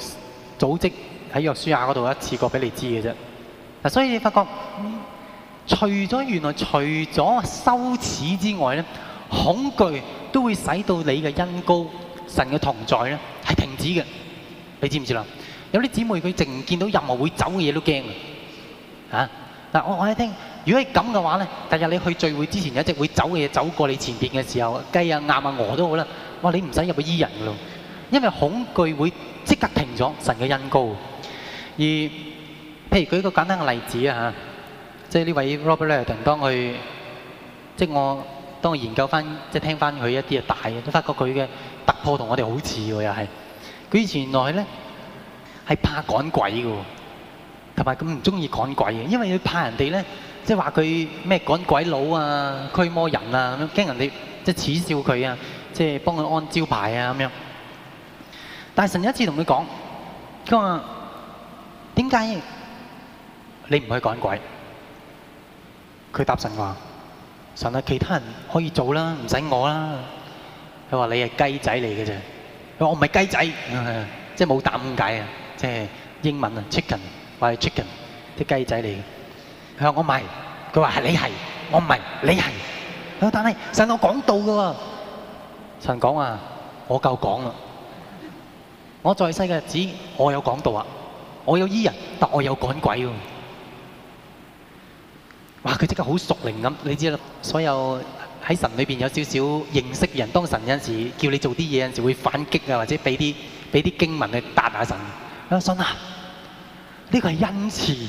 組織喺約書亞嗰度一次過俾你知嘅啫。嗱，所以你發覺，除咗原來除咗羞恥之外咧，恐懼都會使到你嘅恩膏。神嘅同在咧，係停止嘅。你知唔知啦？有啲姊妹佢淨見到任何會走嘅嘢都驚嘅嚇。嗱，我我喺聽，如果係咁嘅話咧，第日你去聚會之前，有一隻會走嘅嘢走過你前邊嘅時候，雞啊、鴨啊、鵝都好啦。哇，你唔使入去醫人嘅咯，因為恐懼會即刻停咗神嘅恩膏。而譬如舉一個簡單嘅例子啊嚇，即係呢位 Robert Liardon 當佢，即係我當我研究翻，即係聽翻佢一啲嘅大嘅，都發覺佢嘅。突破同我哋好似喎，又係佢以前來咧係怕趕鬼嘅，同埋咁唔中意趕鬼嘅，因為佢怕人哋咧，即係話佢咩趕鬼佬啊、驅魔人啊咁樣，驚人哋即係恥笑佢啊，即係幫佢安招牌啊咁樣。但係神有一次同佢講，佢話點解你唔去趕鬼？佢答神話，神啊，其他人可以做啦，唔使我啦。佢話：你係雞仔嚟嘅啫。佢話：我唔係雞仔，即係冇答案啊！即係英文啊，chicken，話係 chicken，啲雞仔嚟。佢話：我唔係。佢話：係你係。我唔係，你係。啊，但係，神我講道嘅喎。神講啊，我夠講啦。我在世嘅日子，我有講道啊。我有醫人，但係我有趕鬼喎。哇！佢即刻好熟靈咁，你知啦，所有。喺神裏面有少少認識人，當神有陣時叫你做啲嘢，有陣時會反擊啊，或者俾啲俾啲經文去答下神。阿信啊，呢個係恩賜。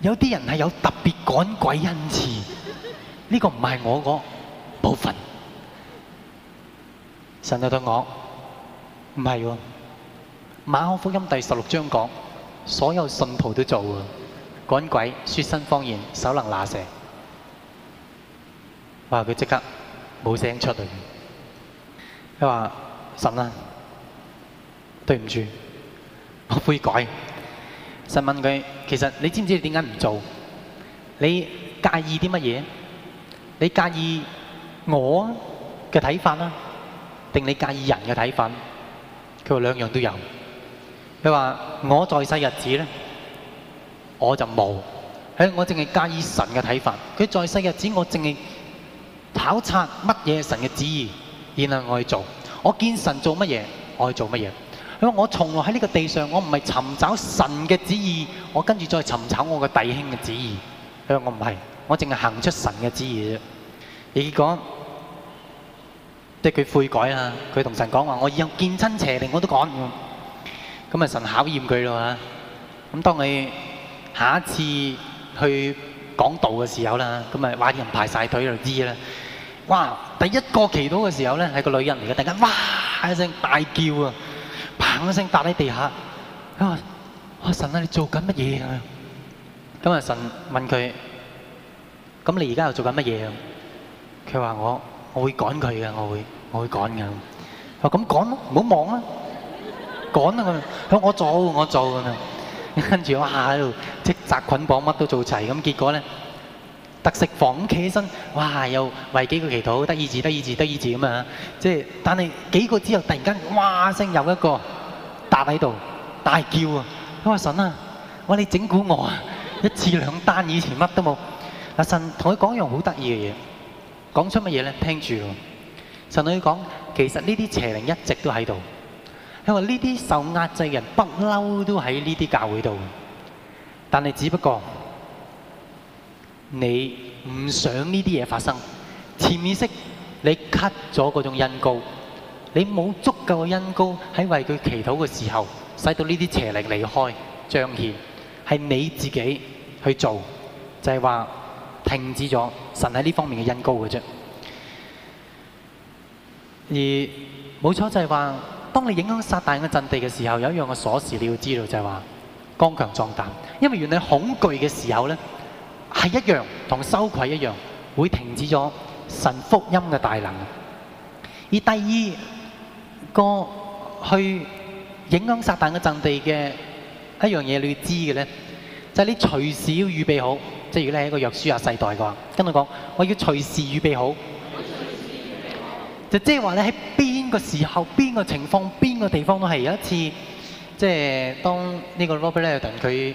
有啲人係有特別趕鬼恩賜，呢個唔係我個部分。神就對我唔係喎。馬可福音第十六章講，所有信徒都做喎，趕鬼、説新方言、手能拿蛇。話佢即刻冇聲出嚟。佢話，神啊，對唔住，我悔改。神問佢：其實你知唔知你點解唔做？你介意啲乜嘢？你介意我嘅睇法呀，定你介意人嘅睇法？佢話兩樣都有。佢話，我在世日子咧，我就冇。喺我淨係介意神嘅睇法。佢在世日子，我淨係。考察乜嘢神嘅旨意，然後我去做。我見神做乜嘢，我去做乜嘢。佢話：我從來喺呢個地上，我唔係尋找神嘅旨意，我跟住再尋找我嘅弟兄嘅旨意。佢話：我唔係，我淨係行出神嘅旨意啫。你講，即係佢悔改啦。佢同神講話：我以後見親邪靈，我都趕。咁啊，神考驗佢咯。咁當你下一次去講道嘅時候啦，咁啊，話啲人排晒隊就知啦。哇！第一個祈禱嘅時候咧，係個女人嚟嘅，突然間哇一聲大叫啊，砰一聲笪喺地下。啊！神啊，你做緊乜嘢啊？咁阿神問佢：咁你而家又做緊乜嘢啊？佢話：我，我會趕佢嘅，我會，我會趕嘅。話咁趕咯，唔好望啊，趕啦咁。我做，我做咁樣。跟住我喺度斥責捆綁，乜都做齊。咁結果咧。特色房咁企起身，哇！又為幾個祈禱，得意字，得意字，得意字咁啊！即係，但係幾個之後，突然間，哇！聲有一個搭喺度，大叫啊！我話神啊，我話你整蠱我啊！一次兩單，以前乜都冇。阿神同佢講樣好得意嘅嘢，講出乜嘢咧？聽住，神同佢講，其實呢啲邪靈一直都喺度，因為呢啲受壓制嘅人不嬲都喺呢啲教會度，但係只不過。你唔想呢啲嘢發生，潛意識你 cut 咗嗰種恩膏，你冇足夠恩膏，喺為佢祈禱嘅時候，使到呢啲邪力離開、彰顯，係你自己去做，就係話停止咗神喺呢方面嘅恩膏。嘅啫。而冇錯就係話，當你影響撒但嘅陣地嘅時候，有一樣嘅鎖匙你要知道，就係話剛強壯膽，因為原來恐懼嘅時候咧。係一樣同羞愧一樣，會停止咗神福音嘅大能。而第二個去影響撒旦嘅陣地嘅一樣嘢你要知嘅咧，就係、是、你隨時要預備好。即係如果你係一個約書亞世代嘅話，跟我講，我要隨時預備好。備好就即係話咧，喺邊個時候、邊個情況、邊個地方都係有一次，即係當呢個 Robert Newton 佢。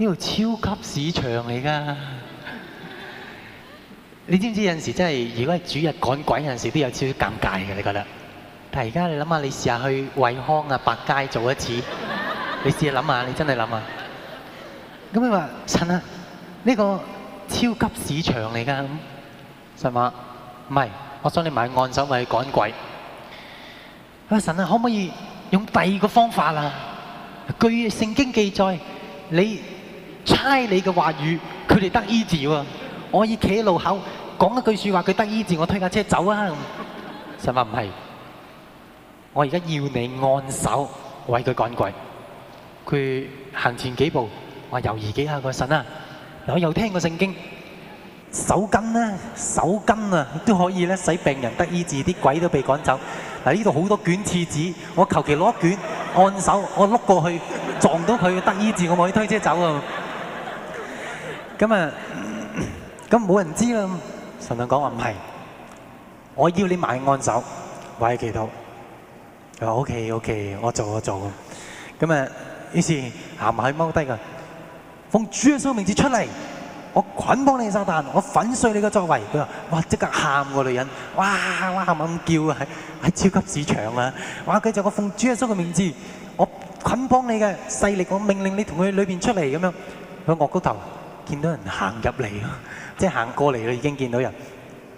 呢度超級市場嚟噶，你知唔知有陣時真係，如果係主日趕鬼有陣時都有少少尷尬嘅，你覺得？但係而家你諗下，你試下去惠康啊、百佳做一次，你試下諗下，你真係諗下。咁你話神啊，呢個超級市場嚟噶咁，神話唔係，我想你買按手去趕鬼。啊，神啊，可唔可以用第二個方法啊？據聖經記載，你。猜你嘅話語，佢哋得醫治喎！我可以企喺路口講一句説話，佢得醫治，我推架車走啊！神話唔係，我而家要你按手為佢趕鬼。佢行前幾步，我猶豫幾下個神啊！嗱，我又聽過聖經，手巾咧，手巾啊，都可以咧，使病人得醫治，啲鬼都被趕走。嗱，呢度好多卷廁紙，我求其攞一卷按手，我碌過去撞到佢得醫治，我可以推車走啊！咁啊，咁冇人知啦！神啊，講話唔係，我要你買按手，為祈禱。佢話 OK OK，我做我做。咁啊，於是行埋踎低噶，奉主耶穌名字出嚟，我捆綁你撒但，我粉碎你嘅作為。佢話：哇！即刻喊個女人，哇哇喊喊叫啊！喺喺超級市場啊！哇！佢就個奉主耶穌嘅名字，我捆綁你嘅勢力，我命令你同佢裏邊出嚟咁樣，喺惡高頭。見到人行入嚟咯，即係行過嚟啦，已經見到人。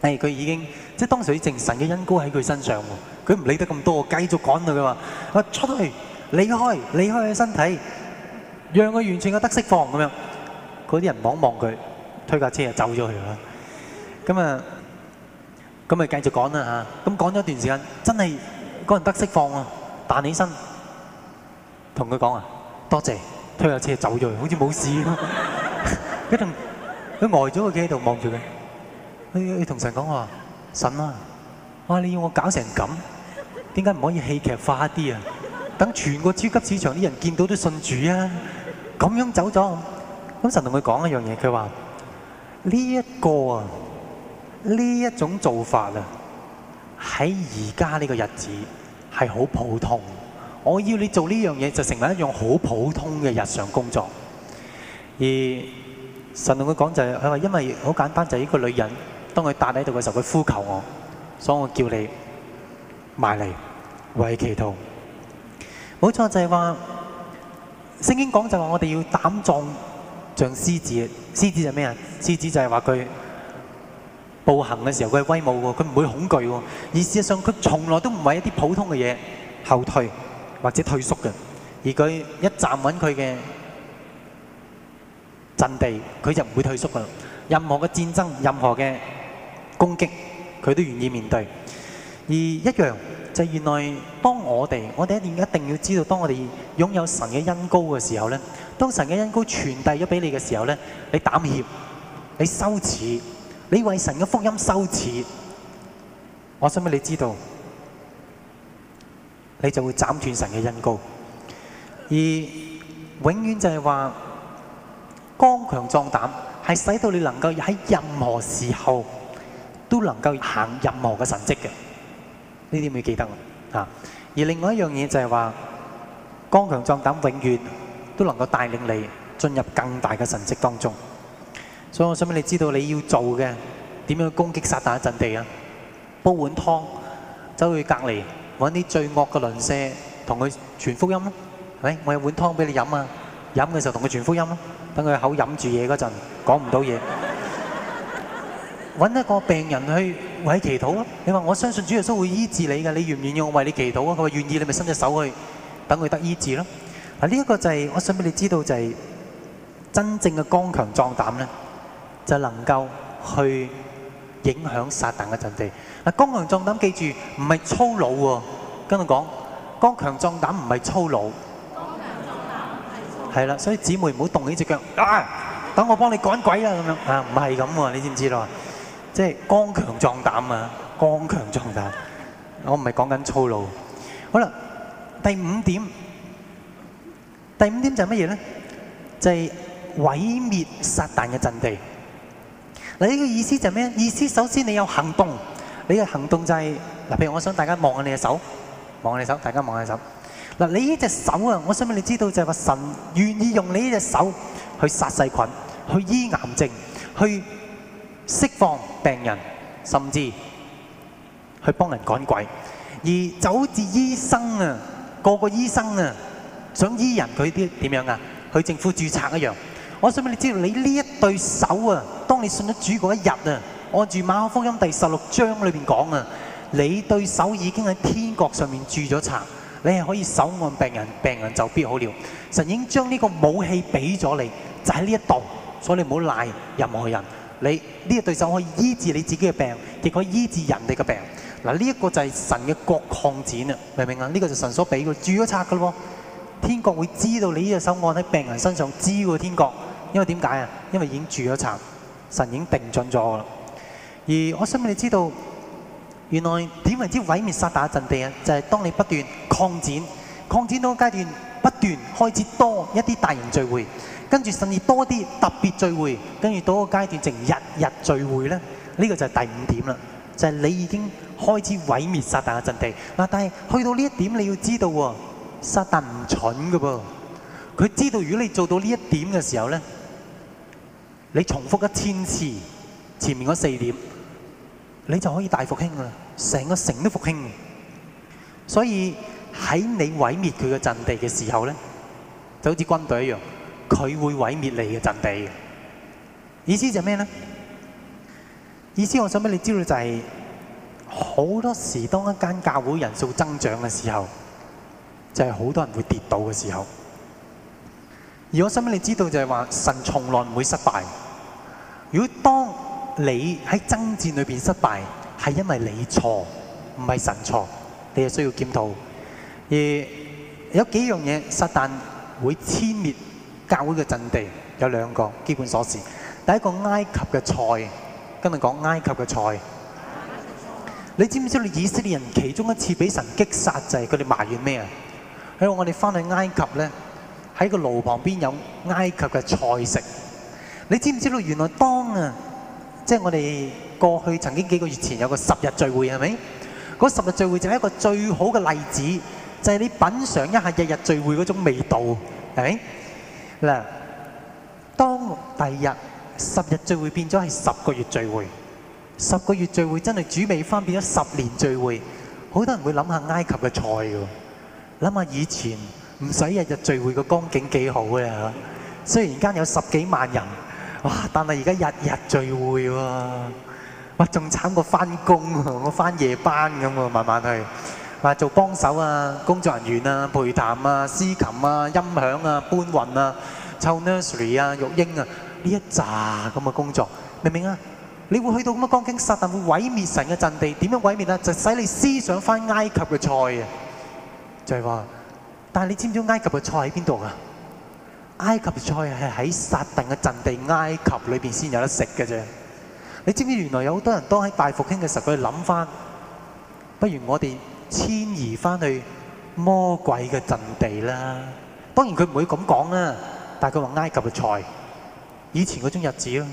誒，佢已經即係當時正神嘅恩膏喺佢身上喎，佢唔理得咁多，繼續趕佢嘅話，我出去，離開，離開佢身體，讓佢完全嘅得釋放咁樣。嗰啲人望一望佢，推架車就走咗去啦。咁啊，咁啊繼續趕啦嚇。咁趕咗一段時間，真係嗰人得釋放喎，彈起身，同佢講啊，多謝，推架車走咗去，好似冇事咁。佢同佢呆咗個機喺度望住佢，佢佢同神講話：神啊，哇！你要我搞成咁，點解唔可以戲劇化啲啊？等全個超級市場啲人見到都信主啊！咁樣走咗，咁神同佢講一樣嘢，佢話：呢一個啊，呢一種做法啊，喺而家呢個日子係好普通。我要你做呢樣嘢，就成為一樣好普通嘅日常工作，而……神同佢講就係、是，佢話，因為好簡單，就係、是、一個女人，當佢笪喺度嘅時候，佢呼求我，所以我叫你埋嚟為其祈禱。冇錯，就係話聖經講就係話我哋要膽壯，像獅子。獅子係咩啊？獅子就係話佢步行嘅時候，佢係威武嘅，佢唔會恐懼。而事實上，佢從來都唔係一啲普通嘅嘢後退或者退縮嘅。而佢一站穩佢嘅陣地佢就唔會退縮噶啦，任何嘅戰爭，任何嘅攻擊，佢都願意面對。而一樣就係原來，當我哋，我哋一定一定要知道，當我哋擁有神嘅恩膏嘅時候咧，當神嘅恩膏傳遞咗俾你嘅時候咧，你膽怯，你羞恥，你為神嘅福音羞恥，我想俾你知道，你就會斬斷神嘅恩膏。而永遠就係話。剛強壯膽係使到你能夠喺任何時候都能夠行任何嘅神蹟嘅，呢啲要記得啊。而另外一樣嘢就係話，剛強壯膽永遠都能夠帶領你進入更大嘅神蹟當中。所以我想俾你知道你要做嘅點樣攻擊撒旦陣地啊！煲碗湯，走去隔籬揾啲罪惡嘅鄰舍，同佢傳福音咯。喂，我有碗湯俾你飲啊，飲嘅時候同佢傳福音咯。等佢口飲住嘢嗰陣，講唔到嘢，揾一個病人去為祈禱咯。你話我相信主耶穌會醫治你嘅，你願唔願意我為你祈禱啊？佢話願意，你咪伸隻手去，等佢得醫治咯。嗱，呢一個就係我想俾你知道就係真正嘅剛強壯膽咧，就能夠去影響撒旦嘅陣地。嗱，剛強壯膽，記住唔係粗魯喎，跟佢講，剛強壯膽唔係粗魯。係啦，所以姊妹唔好動呢隻腳，啊，等我幫你趕鬼啦咁樣，啊，唔係咁喎，你知唔知咯？即係剛強壯膽啊，剛強壯膽。我唔係講緊粗魯。好啦，第五點，第五點就係乜嘢咧？就係毀滅撒但嘅陣地。嗱，呢個意思就係咩咧？意思首先你有行動，你嘅行動就係，嗱，譬如我想大家望下你嘅手，望下你手，大家望下手。嗱，你呢隻手啊，我想俾你知道就係話神願意用你呢隻手去殺細菌、去醫癌症、去釋放病人，甚至去幫人趕鬼。而就好似醫生啊，個個醫生啊，想醫人佢啲點樣啊？去政府註冊一樣。我想俾你知道你呢一對手啊，當你信咗主嗰一日啊，按住馬可福音第十六章裏邊講啊，你對手已經喺天國上面註咗冊。你可以手按病人，病人就必好了。神已經將呢個武器畀咗你，就喺呢一度，所以你唔好賴任何人。你呢個對手可以醫治你自己嘅病，亦可以醫治人哋嘅病。嗱、啊，呢、這、一個就係神嘅國擴展啊！明唔明啊？呢、這個就係神所畀嘅，住咗冊嘅咯。天國會知道你呢個手按喺病人身上知喎，天國。因為點解啊？因為已經住咗拆，神已經定準咗。而我想你知道。原來點為之毀滅撒但嘅陣地啊？就係當你不斷擴展、擴展到個階段，不斷開始多一啲大型聚會，跟住甚至多啲特別聚會，跟住到個階段成日日聚會呢，呢個就係第五點啦。就係你已經開始毀滅撒但嘅陣地，但係去到呢一點，你要知道喎，撒但唔蠢嘅噃，佢知道如果你做到呢一點嘅時候呢，你重複一千次前面嗰四點，你就可以大復興啦，成個城都復興了。所以喺你毀滅佢嘅陣地嘅時候呢，就好似軍隊一樣，佢會毀滅你嘅陣地。意思就咩呢？意思我想俾你知道就係好多時，當一間教會人數增長嘅時候，就係好多人會跌倒嘅時候。而我想俾你知道就係話，神從來唔會失敗。如果當你喺爭戰裏面失敗，係因為你錯，唔係神錯，你係需要檢討。而有幾樣嘢撒旦會殲滅教會嘅陣地，有兩個基本鎖匙。第一個埃及嘅菜，跟佢講埃及嘅菜。你知唔知道？以色列人其中一次俾神擊殺就係佢哋埋怨咩啊？喺我哋返去埃及呢，喺個路旁邊有埃及嘅菜食。你知唔知道？原來當即係我哋過去曾經幾個月前有個十日聚會係咪？嗰十日聚會就係一個最好嘅例子，就係你品嚐一下日日聚會嗰種味道係咪？嗱，當第二日十日聚會變咗係十個月聚會，十個月聚會真係煮味翻變咗十年聚會，好多人會諗下埃及嘅菜喎，諗下以前唔使日日聚會嘅光景幾好啊！雖然而家有十幾萬人。哇！但係而家日日聚會喎，啊，哇！仲慘過翻工啊，我、啊、翻夜班咁喎，慢慢去，話、啊、做幫手啊、工作人員啊、陪談啊、司琴啊、音響啊、搬運啊、湊 nursery 啊、育嬰啊，呢一紮咁嘅工作，明唔明啊？你會去到咁嘅光景，撒但會毀滅神嘅陣地，點樣毀滅啊？就使你思想翻埃及嘅菜，就是、及的菜啊！就係話，但係你知唔知埃及嘅菜喺邊度啊？埃及嘅菜係喺撒但嘅陣地埃及裏邊先有得食嘅啫。你知唔知道原來有好多人當喺大復興嘅時候，佢諗翻，不如我哋遷移翻去魔鬼嘅陣地啦。當然佢唔會咁講啦，但係佢話埃及嘅菜，以前嗰種日子啦。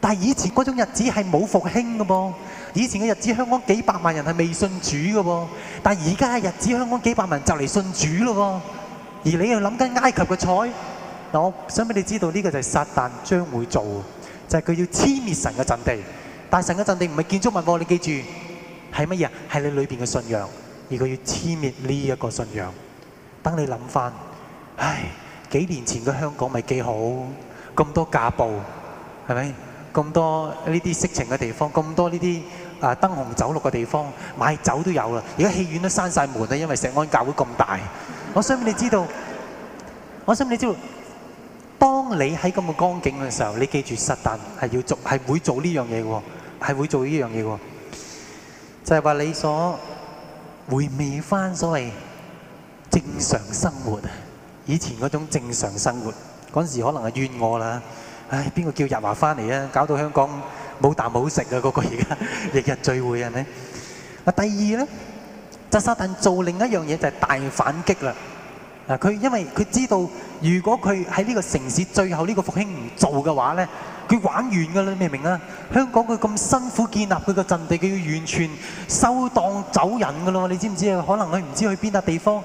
但係以前嗰種日子係冇復興嘅噃。以前嘅日子，香港幾百萬人係未信主嘅噃。但係而家嘅日子，香港幾百萬人就嚟信主咯。而你又諗緊埃及嘅菜？我想俾你知道呢、這個就係撒旦將會做，就係、是、佢要殲滅神嘅陣地。但神嘅陣地唔係建築物，你記住係乜嘢？係你裏邊嘅信仰。而佢要殲滅呢一個信仰。等你諗翻，唉，幾年前嘅香港咪幾好？咁多架步，係咪？咁多呢啲色情嘅地方，咁多呢啲啊燈紅酒綠嘅地方，買酒都有啦。而家戲院都閂晒門啦，因為石安教會咁大。我想俾你知道，我想俾你知道。當你喺咁嘅光景嘅時候，你記住，撒旦係要做，係會做呢樣嘢嘅喎，係會做呢樣嘢嘅喎，就係話你所回味返所謂正常生活，以前嗰種正常生活，嗰陣時可能係怨我啦，唉，邊個叫日華返嚟啊？搞到香港冇啖冇食啊！嗰個而家日日聚會係咪？啊，第二咧，撒旦做另一樣嘢就係大反擊啦。佢因為佢知道，如果佢喺呢個城市最後呢個復興唔做嘅話呢，佢玩完噶啦，你明唔明啊？香港佢咁辛苦建立佢個陣地，佢要完全收檔走人噶咯，你知唔知啊？可能佢唔知去邊個地方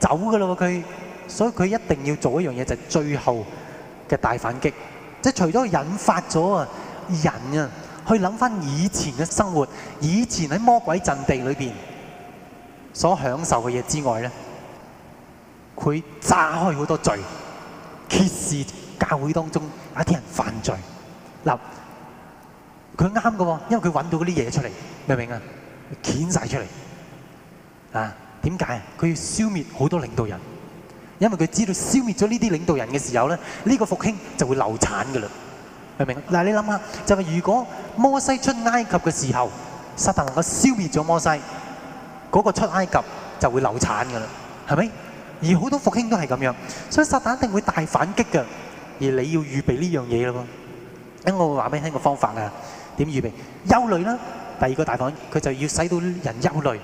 走噶咯，佢，所以佢一定要做一樣嘢，就係最後嘅大反擊。即係除咗引發咗人啊，去諗返以前嘅生活，以前喺魔鬼陣地裏面所享受嘅嘢之外呢。佢炸開好多罪，揭示教會當中有一啲人犯罪。嗱，佢啱嘅，因為佢揾到嗰啲嘢出嚟，明唔明啊？佢揭曬出嚟啊！點解啊？佢要消滅好多領導人，因為佢知道消滅咗呢啲領導人嘅時候咧，呢個復興就會流產㗎啦。明唔明？嗱，你諗下，就係如果摩西出埃及嘅時候，撒但能夠消滅咗摩西，嗰個出埃及就會流產㗎啦，係咪？而好多復興都係咁樣，所以撒但一定會大反擊嘅，而你要預備呢樣嘢咯。咁我會話俾你聽個方法啊，點預備？憂慮啦，第二個大反，佢就要使到人憂慮，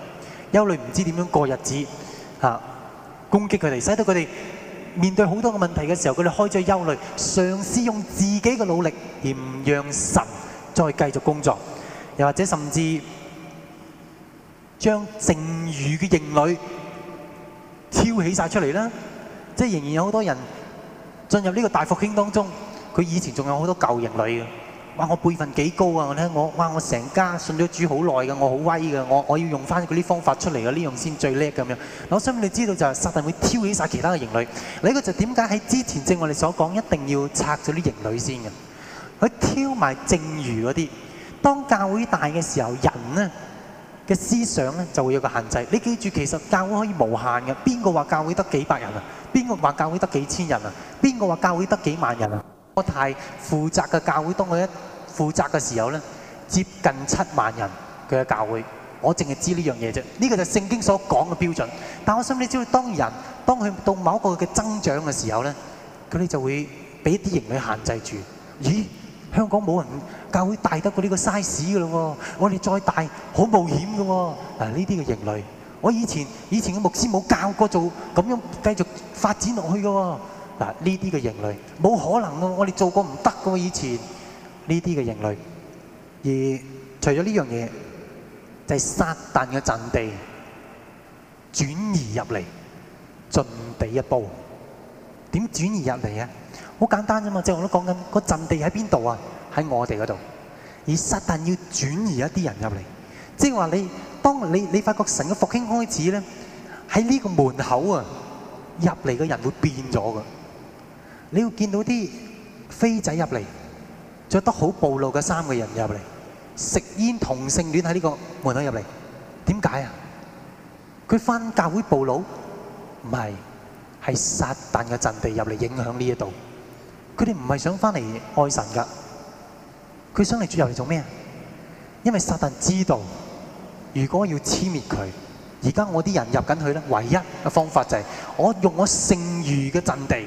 憂慮唔知點樣過日子嚇，攻擊佢哋，使到佢哋面對好多嘅問題嘅時候，佢哋開咗憂慮，嘗試用自己嘅努力而唔讓神再繼續工作，又或者甚至將剩餘嘅營裏。挑起曬出嚟啦，即係仍然有好多人進入呢個大復興當中，佢以前仲有好多舊營壘嘅。哇！我輩分幾高啊！我聽我哇！我成家信咗主好耐嘅，我好威嘅，我我要用翻嗰啲方法出嚟嘅，呢樣先最叻咁樣。我相信你知道就係撒但會挑起曬其他營壘。呢個就點解喺之前，正如我哋所講，一定要拆咗啲營壘先嘅，佢挑埋剩餘嗰啲。當教會大嘅時候，人咧。嘅思想咧就會有個限制。你記住，其實教會可以無限嘅。邊個話教會得幾百人啊？邊個話教會得幾千人啊？邊個話教會得幾萬人啊？我太負責嘅教會，當我一負責嘅時候咧，接近七萬人佢嘅教會。我淨係知呢樣嘢啫。呢個就聖經所講嘅標準。但我想你知道，當人當佢到某一個嘅增長嘅時候咧，佢哋就會俾啲形類限制住。咦？香港冇人教會大得過呢個 size 嘅咯，我哋再大好冒險嘅喎。這些呢啲嘅型類，我以前以前嘅牧師冇教過做咁樣繼續發展落去嘅喎。這些呢啲嘅型類冇可能咯，我哋做過唔得嘅喎。以前呢啲嘅人類，而除咗呢樣嘢，就係、是、撒旦嘅陣地轉移入嚟，進地一步，點轉移入嚟啊？好簡單啫嘛，即係我都講緊個陣地喺邊度啊？喺我哋嗰度。而撒旦要轉移一啲人入嚟，即係話你當你你發覺神嘅復興開始咧，喺呢個門口啊入嚟嘅人會變咗噶。你會見到啲飛仔入嚟，着得好暴露嘅衫嘅人入嚟，食煙、同性戀喺呢個門口入嚟，點解啊？佢翻教會暴露？唔係，係撒旦嘅陣地入嚟影響呢一度。佢哋唔係想返嚟愛神㗎。佢想嚟主入嚟做咩？因為撒旦知道，如果我要黐滅佢，而家我啲人入緊去咧，唯一嘅方法就係、是、我用我剩餘嘅陣地，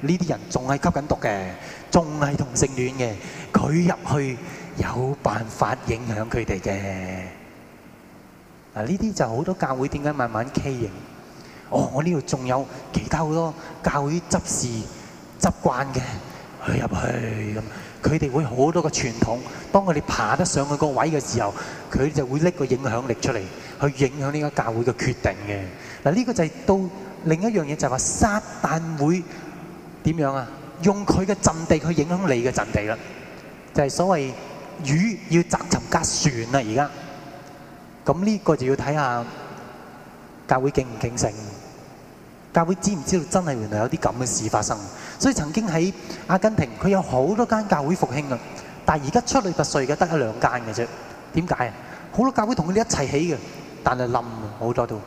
呢啲人仲係吸緊毒嘅，仲係同性戀嘅，佢入去有辦法影響佢哋嘅。嗱，呢啲就好多教會點解慢慢畸形？哦，我呢度仲有其他好多教會執事執慣嘅。去入去咁，佢哋會好多個傳統。當佢哋爬得上佢個位嘅時候，佢就會搦個影響力出嚟去影響呢個教會嘅決定嘅。嗱，呢個就係到另一樣嘢，就係話撒但會點樣啊？用佢嘅陣地去影響你嘅陣地啦，就係所謂魚要擇沉夾船啊！而家咁呢個就要睇下教會警唔警醒，教會知唔知道真係原來有啲咁嘅事發生。所以曾經喺阿根廷，佢有好多間教會復興啊，但係而家出類拔萃嘅得一兩間嘅啫。點解啊？好多教會同佢哋一齊起嘅，但係冧咗好多度，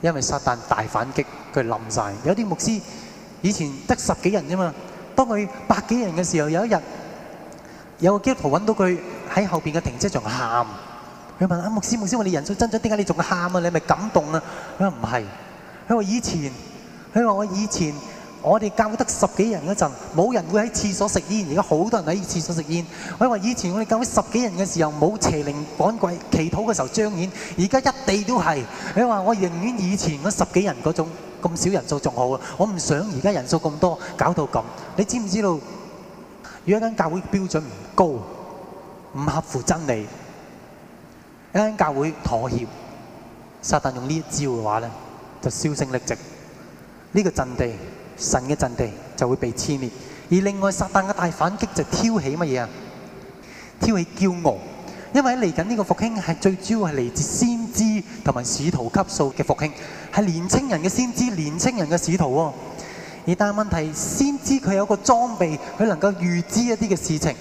因為撒旦大反擊，佢冧曬。有啲牧師以前得十幾人啫嘛，當佢百幾人嘅時候，有一日有個基督徒搵到佢喺後邊嘅停車場喊，佢問啊牧師，牧師，你人數增長，點解你仲喊啊？你係咪感動啊？佢話唔係，佢話以前，佢話我以前。我哋教會得十幾人嗰陣，冇人會喺廁所食煙。而家好多人喺廁所食煙。我話以前我哋教會十幾人嘅時候，冇邪靈趕鬼、祈禱嘅時候彰顯。而家一地都係。我話我寧願以前嗰十幾人嗰種咁少人數仲好啊！我唔想而家人數咁多搞到咁。你知唔知道？如果間教會標準唔高，唔合乎真理，間教會妥協，撒旦用呢一招嘅話呢，就銷聲匿跡。呢個陣地。神嘅陣地就會被殲滅，而另外撒旦嘅大反擊就是挑起乜嘢啊？挑起驕傲，因為嚟緊呢個復興係最主要係嚟自先知同埋使徒級數嘅復興，係年青人嘅先知、年青人嘅使徒喎。而但係問題，先知佢有個裝備，佢能夠預知一啲嘅事情，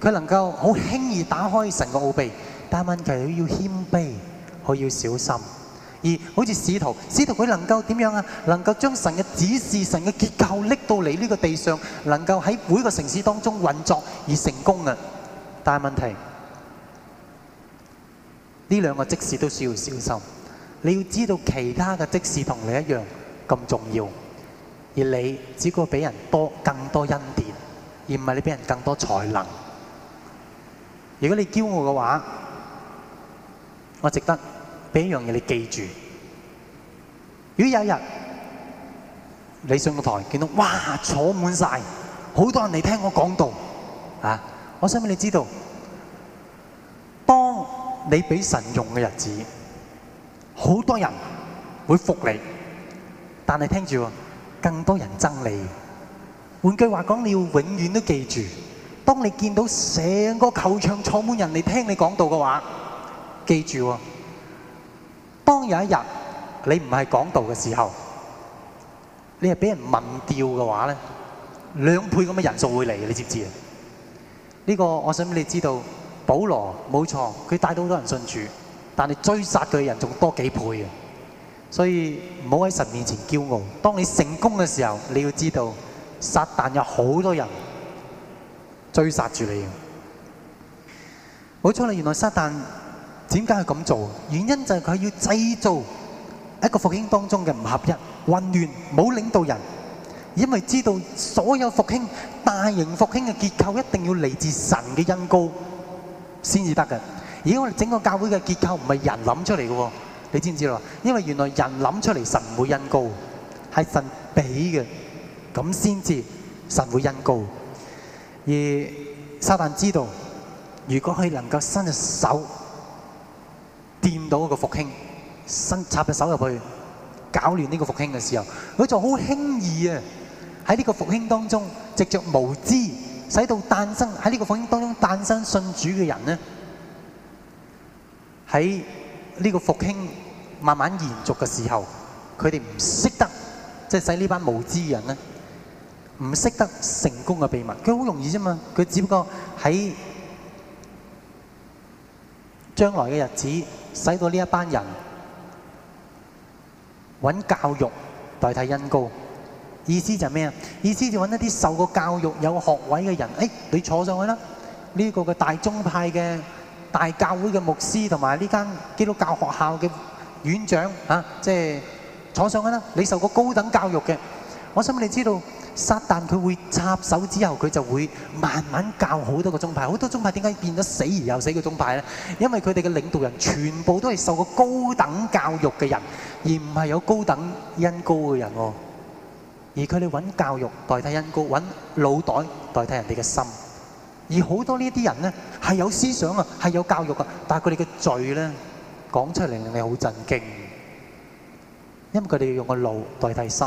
佢能夠好輕易打開神嘅奧秘，但問題佢要謙卑，佢要小心。而好似使徒，使徒佢能夠點樣啊？能夠將神嘅指示、神嘅結構拎到嚟呢個地上，能夠喺每個城市當中運作而成功嘅。但係問題，呢兩個即使都需要小心。你要知道，其他嘅即使同你一樣咁重要。而你只過俾人多更多恩典，而唔係你俾人更多才能。如果你驕傲嘅話，我值得。俾一樣嘢你記住。如果有一日你上個台，見到哇，坐滿晒，好多人嚟聽我講道，啊！我想俾你知道，當你俾神用嘅日子，好多人會服你，但係聽住，更多人憎你。換句話講，你要永遠都記住，當你見到成個球場坐滿人嚟聽你講道嘅話，記住喎。當有一日你唔係講道嘅時候，你係俾人問掉嘅話，兩倍咁嘅人數會嚟，你知唔知？呢個我想讓你知道，保羅冇錯，佢帶到好多人信主，但係你追殺佢嘅人仲多幾倍。所以唔好喺神面前驕傲。當你成功嘅時候，你要知道，撒旦有好多人追殺住你。冇錯，原來撒旦。點解佢咁做？原因就係佢要製造一個復興當中嘅唔合一、混亂，冇領導人。因為知道所有復興大型復興嘅結構一定要嚟自神嘅恩膏先至得嘅。而我哋整個教會嘅結構唔係人諗出嚟嘅，你知唔知道？因為原來人諗出嚟，神唔會恩膏，係神俾嘅，咁先至神會恩膏。而撒旦知道，如果佢能夠伸隻手，掂到個復興，伸插隻手入去搞亂呢個復興嘅時候，佢就好輕易啊！喺呢個復興當中，藉著無知，使到誕生喺呢個復興當中誕生信主嘅人咧，喺呢個復興慢慢延續嘅時候，佢哋唔識得，即係使呢班無知嘅人咧，唔識得成功嘅秘密。佢好容易啫嘛，佢只不過喺將來嘅日子。使到呢一班人揾教育代替恩膏，意思就咩啊？意思就揾一啲受過教育、有學位嘅人，哎，你坐上去啦！呢個嘅大宗派嘅大教會嘅牧師同埋呢間基督教學校嘅院長嚇，即係坐上去啦！你受過高等教育嘅，我想你知道。撒旦佢會插手之後，佢就會慢慢教好多個宗派。好多宗派點解變得死而又死嗰宗派呢？因為佢哋嘅領導人全部都係受過高等教育嘅人，而唔係有高等恩膏嘅人喎。而佢哋搵教育代替恩膏，搵腦袋代替人哋嘅心。而好多呢啲人呢，係有思想啊，係有教育噶、啊，但係佢哋嘅罪呢，講出嚟令你好震驚，因為佢哋要用個腦代替心。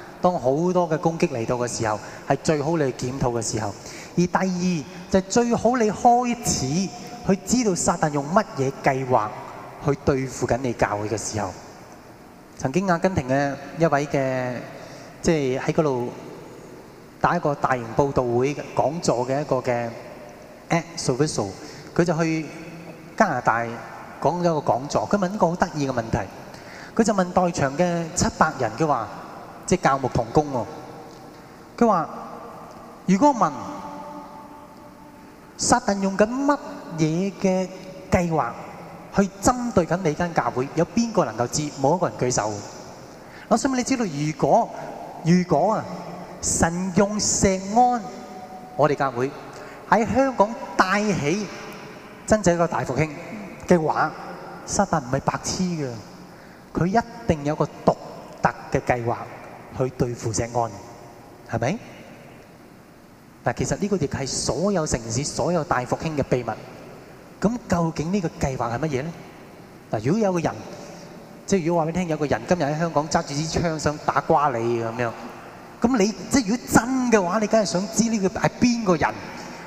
當好多嘅攻擊嚟到嘅時候，係最好你去檢討嘅時候；而第二就係最好你開始去知道撒但用乜嘢計劃去對付緊你教會嘅時候。曾經阿根廷嘅一位嘅，即係喺嗰度打一個大型佈道會講座嘅一個嘅 at special，佢就去加拿大講咗一個講座。佢問一個好得意嘅問題，佢就問在場嘅七百人，佢話。即教牧同工喎，佢話：如果問撒旦用緊乜嘢嘅計劃去針對緊你間教會，有邊個能夠知？冇一個人舉手。我想問你知道，如果如果啊神用錫安我哋教會喺香港帶起真正一個大復興嘅話，撒旦唔係白痴嘅，佢一定有個獨特嘅計劃。去對付石安，係咪？嗱，其實呢個亦係所有城市、所有大復興嘅秘密。咁究竟呢個計劃係乜嘢咧？嗱，如果有個人，即係如果話俾你聽，有個人今日喺香港揸住支槍想打瓜你咁樣，咁你即係如果真嘅話，你梗係想知呢個係邊個人，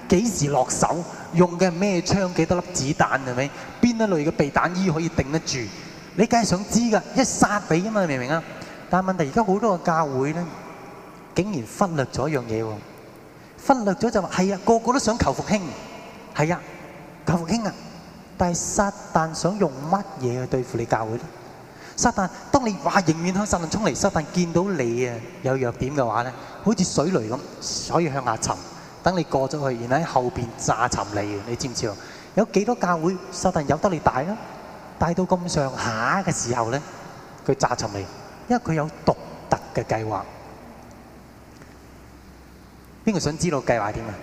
幾時落手，用嘅係咩槍，幾多粒子彈係咪？邊一類嘅避彈衣可以頂得住？你梗係想知㗎，一殺你㗎嘛，明唔明啊？但問題而家好多個教會咧，竟然忽略咗一樣嘢喎。忽略咗就話係啊，個個都想求復興，係啊，求復興啊。但係撒旦想用乜嘢去對付你教會咧？撒旦，當你話迎面向撒旦衝嚟，撒旦見到你啊有弱點嘅話咧，好似水雷咁所以向下沉，等你過咗去，然後喺後邊炸沉你。你知唔知啊？有幾多教會撒旦由得你大啦？大到咁上下嘅時候咧，佢炸沉你。因為佢有獨特嘅計劃，邊個想知道計劃點啊？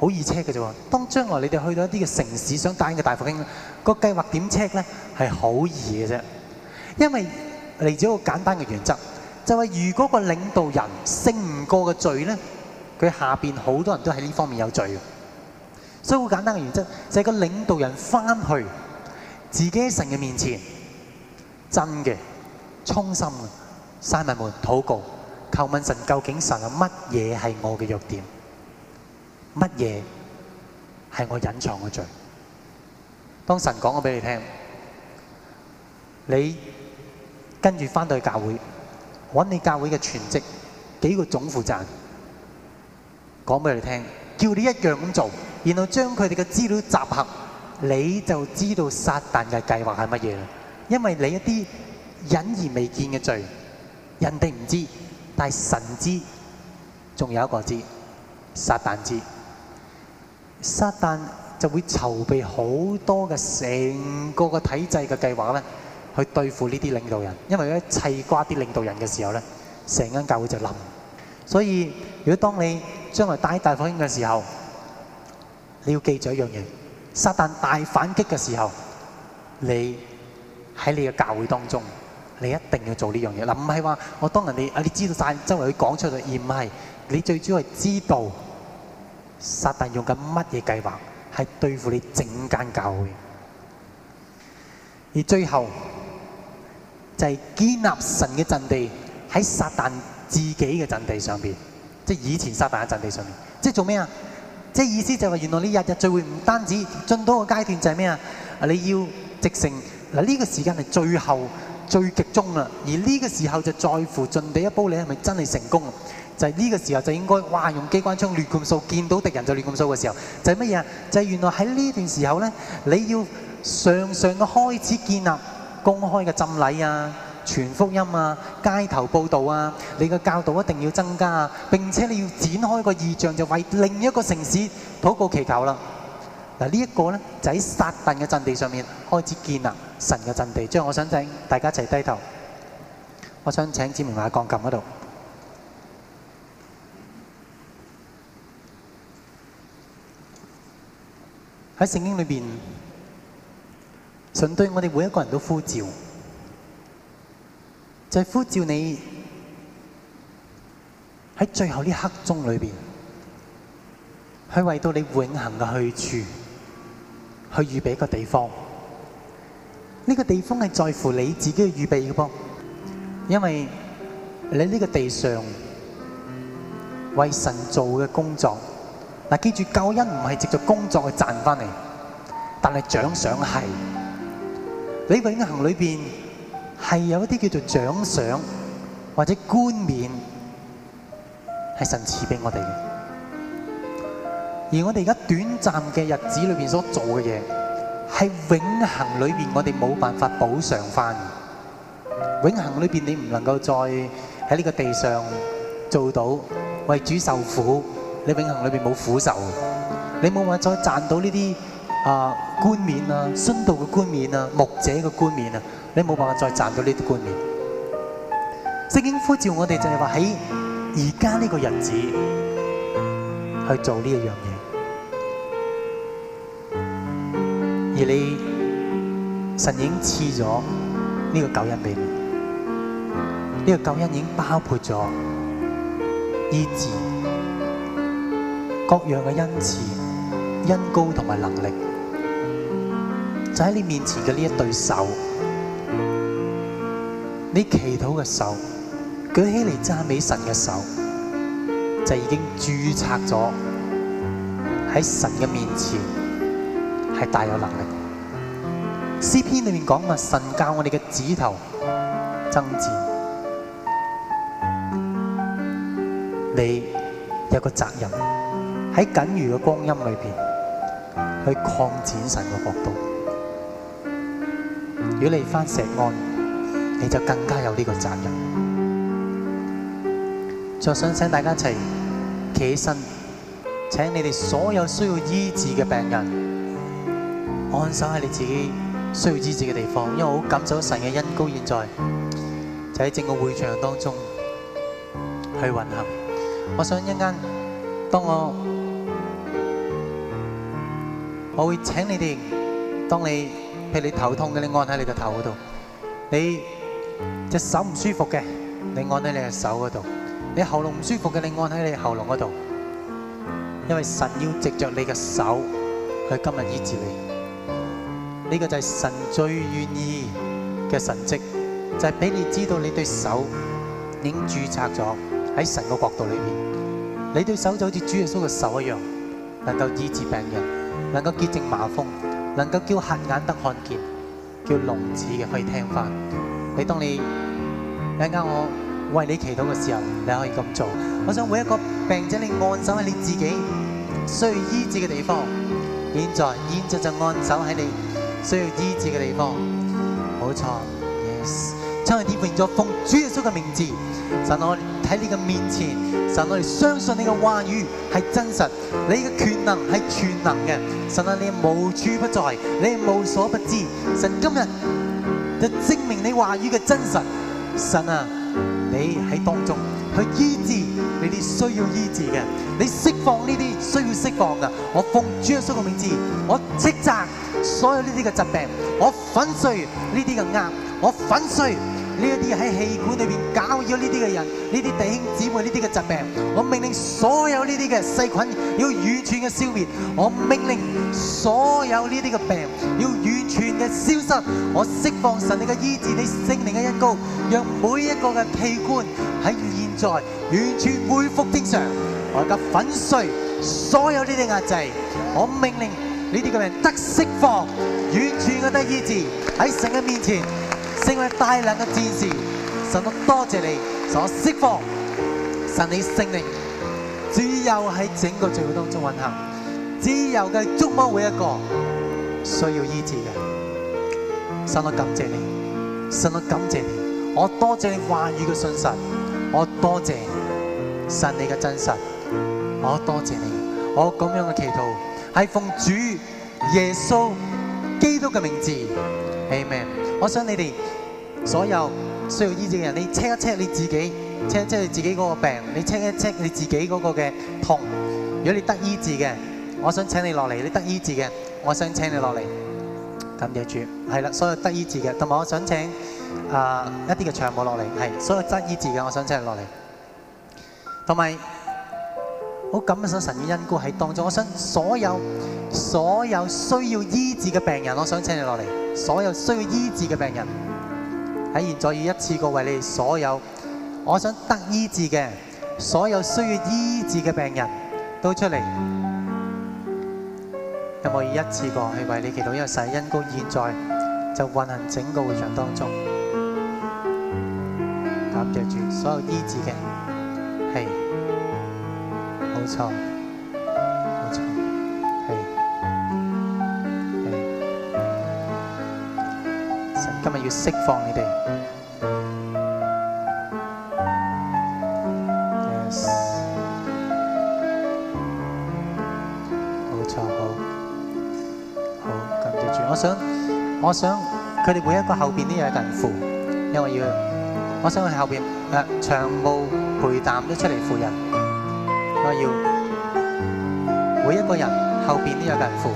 好易車嘅啫。當將來你哋去到一啲嘅城市想帶，想帶領嘅大復興，個計劃點車呢？係好易嘅啫。因為嚟自一個簡單嘅原則，就係、是、如果個領導人勝唔過嘅罪呢，佢下面好多人都喺呢方面有罪的。所以好簡單嘅原則就係、是、個領導人翻去自己喺神嘅面前，真嘅。衷心嘅，信徒們禱告，求問神，究竟神有乜嘢係我嘅弱點，乜嘢係我隱藏嘅罪。當神講咗俾你聽，你跟住翻到去教會，揾你教會嘅全職幾個總負責人，講俾你聽，叫你一樣咁做，然後將佢哋嘅資料集合，你就知道撒旦嘅計劃係乜嘢啦。因為你一啲。隱而未見嘅罪，人哋唔知，但係神知，仲有一個知，撒旦知。撒旦就會籌備好多嘅成個個體制嘅計劃咧，去對付呢啲領導人。因為咧，砌瓜啲領導人嘅時候咧，成間教會就冧。所以如果當你將來大大復興嘅時候，你要記住一樣嘢：撒旦大反擊嘅時候，你喺你嘅教會當中。你一定要做呢樣嘢嗱，唔係話我當人哋你知道曬周圍去講出嚟而唔係你最主要係知道撒旦用緊乜嘢計劃，係對付你整間教會。而最後就係、是、建立神嘅陣地喺撒旦自己嘅陣地上面，即係以前撒旦嘅陣地上面，即係做咩啊即係意思就係話原來你日日聚會唔單止進到一個階段就是什麼，就係咩啊你要直成嗱呢個時間係最後。最集中啦，而呢個時候就在乎盡地一煲，你係咪真係成功就係、是、呢個時候就應該哇用機關槍亂咁掃，見到敵人就亂咁掃嘅時候，就係乜嘢啊？就係、是就是、原來喺呢段時候咧，你要常常嘅開始建立公開嘅浸禮啊、傳福音啊、街頭報道啊，你嘅教導一定要增加啊，並且你要展開個異象，就為另一個城市禱告祈求啦。這呢一個呢，就喺撒旦嘅陣地上面開始建立神嘅陣地，最後我想請大家一齊低頭，我想請志明話鋼琴嗰度。喺聖經裏面，神對我哋每一個人都呼召，就係、是、呼召你喺最後呢刻鐘裏面，去為到你永恒嘅去處。去預備一個地方，呢個地方係在乎你自己嘅預備嘅噃，因為你呢個地上為神做嘅工作，嗱，記住，救恩唔係藉著工作去賺翻嚟，但係獎賞係你永恆裏邊係有一啲叫做獎賞或者冠冕，係神賜俾我哋。而我哋而家短暫嘅日子裏邊所做嘅嘢，係永恆裏邊我哋冇辦法補償翻。永恆裏邊你唔能夠再喺呢個地上做到為主受苦，你永恆裏邊冇苦受。你冇辦法再賺到呢啲啊冠冕啊，殉道嘅冠冕啊，牧者嘅冠冕啊，你冇辦法再賺到呢啲冠冕。聖經呼召我哋就係話喺而家呢個日子去做呢一樣嘢。你神已經賜咗呢個救恩俾你，呢、這個救恩已經包括咗醫治、各樣嘅恩賜、恩膏同埋能力，就喺你面前嘅呢一對手，你祈禱嘅手，舉起嚟讚美神嘅手，就已經註冊咗喺神嘅面前係大有能力。詩篇裏面講嘅，神教我哋嘅指頭爭戰，你有個責任喺僅餘嘅光陰裏邊去擴展神嘅國度。如果你翻石岸，你就更加有呢個責任。就想請大家一齊企起身，請你哋所有需要醫治嘅病人按手喺你自己。需要醫治嘅地方，因為我好感受神嘅恩膏，現在就喺整個會場當中去運行。我想一陣間，當我我會請你哋，當你譬如你頭痛嘅，你按喺你個頭嗰度；你隻手唔舒服嘅，你按喺你嘅手嗰度；你喉嚨唔舒服嘅，你按喺你喉嚨嗰度。因為神要藉着你嘅手去今日醫治你。呢個就係神最願意嘅神跡，就係俾你知道你對手已經註冊咗喺神個角度裏邊。你對手就好似主耶穌嘅手一樣，能夠醫治病人，能夠潔淨痲瘋，能夠叫瞎眼得看見，叫聾子嘅可以聽返。你當你一陣間我為你祈禱嘅時候，你可以咁做。我想每一個病者，你按手喺你自己需要醫治嘅地方。現在，現在就按手喺你需要醫治嘅地方，冇錯，yes，唱完呢份作奉主耶穌嘅名字，神，我喺你嘅面前，神，我哋相信你嘅話語係真實，你嘅權能係全能嘅，神啊，你係無處不在，你係無所不知，神今日就證明你話語嘅真實，神啊，你喺當中去醫治你哋需要醫治嘅，你釋放呢啲需要釋放嘅，我奉主耶穌嘅名字，我斥責。所有呢啲嘅疾病，我粉碎呢啲嘅壓，我粉碎呢一啲喺器官裏邊搞咗呢啲嘅人，呢啲弟兄姊妹呢啲嘅疾病，我命令所有呢啲嘅細菌要完全嘅消滅，我命令所有呢啲嘅病要完全嘅消失，我釋放神力嘅醫治你聖靈嘅恩膏，讓每一個嘅器官喺現在完全恢復正常，我而家粉碎所有呢啲壓制，我命令。呢啲嘅人得釋放，完全嘅得醫治，喺神嘅面前成為大量嘅戰士。神都多謝你所釋放。神你聖靈，只有喺整個聚會當中運行，只有嘅觸摸每一個需要醫治嘅。神都感謝你，神都感謝你。我多謝你話語嘅信實，我多謝神你嘅真實，我多謝你。我咁樣嘅祈禱。係奉主耶穌基督嘅名字，Amen。我想你哋所有需要醫治嘅人，你 check 一 check 你自己，check 一 check 你自己嗰個病，你 check 一 check 你自己嗰個嘅痛。如果你得醫治嘅，我想請你落嚟；你得醫治嘅，我想請你落嚟。感謝主，係啦，所有得醫治嘅，同埋我想請啊、呃、一啲嘅長務落嚟，係所有得醫治嘅，我想請你落嚟，同埋。好感受神嘅恩膏喺當中，我想所有所有需要醫治嘅病人，我想請你落嚟，所有需要醫治嘅病人喺現在要一次過為你所有我想得醫治嘅所有需要醫治嘅病人都出嚟，有冇要一次過去為你祈禱？因為神嘅恩膏現在就運行整個會場當中，揀着住所有醫治嘅。冇錯，冇錯，係，係。神今日要釋放你哋。Yes。冇錯，好，好，感謝主。我想，我想，佢哋每一個後邊都有一個人扶，因為要，我想佢後邊誒長布陪淡都出嚟扶人。我要每一個人後邊都有人扶，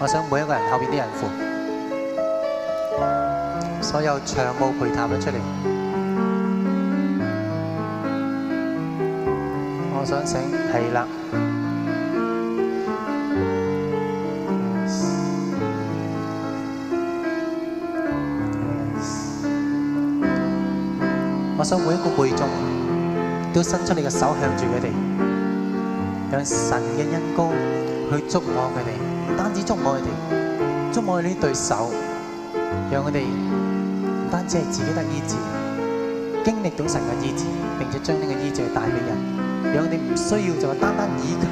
我想每一個人後邊都有人扶，所有唱部陪佢哋出嚟。我想請係啦，我想每一個背眾都伸出你嘅手向住佢哋。讓神嘅恩膏去觸摸佢哋，唔單止觸摸佢哋，觸摸呢對手，讓我哋唔單止係自己得醫治，經歷到神嘅醫治，並且將呢個醫治帶俾人，讓我哋唔需要就係單單依靠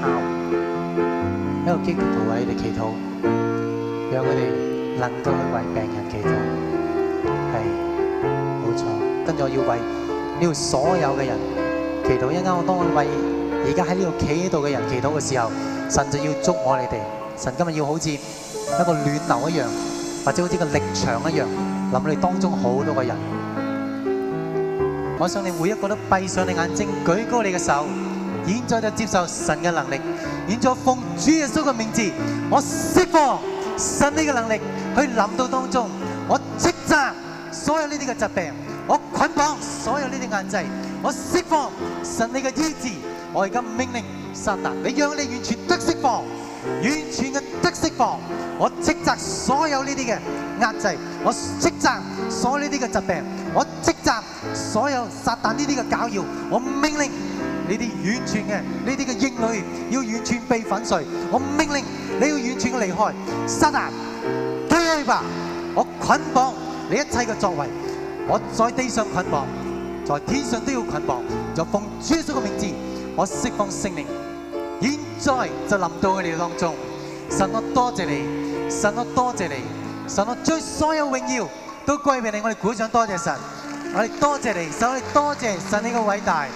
一個基督徒喺度祈禱，讓我哋能夠去為病人祈禱，係冇錯，跟住我要為要所有嘅人祈禱一間，我當去為。而家喺呢度企喺度嘅人祈禱嘅時候，神就要祝我你哋。神今日要好似一個暖流一樣，或者好似個力場一樣，臨你哋當中好多個人。我想你每一個都閉上你眼睛，舉高你嘅手，現在就接受神嘅能力，現在奉主耶穌嘅名字，我釋放神你嘅能力去臨到當中，我斥責所有呢啲嘅疾病，我捆綁所有呢啲眼滯，我釋放神你嘅醫治。我而家命令撒旦，你讓你完全得釋放，完全嘅得釋放。我斥責所有呢啲嘅壓制，我斥責所有呢啲嘅疾病，我斥責所有撒旦呢啲嘅詐謠。我命令你哋完全嘅呢啲嘅逆女要完全被粉碎。我命令你要完全離開撒旦。退去吧！我捆綁你一切嘅作為，我在地上捆綁，在天上都要捆綁，就奉主耶穌嘅名字。我釋放聖靈，現在就臨到我哋當中。神我多謝你，神我多謝你，神我將所有榮耀都歸俾你。我哋鼓掌多謝神，我哋多謝你，神我多謝神你個偉大。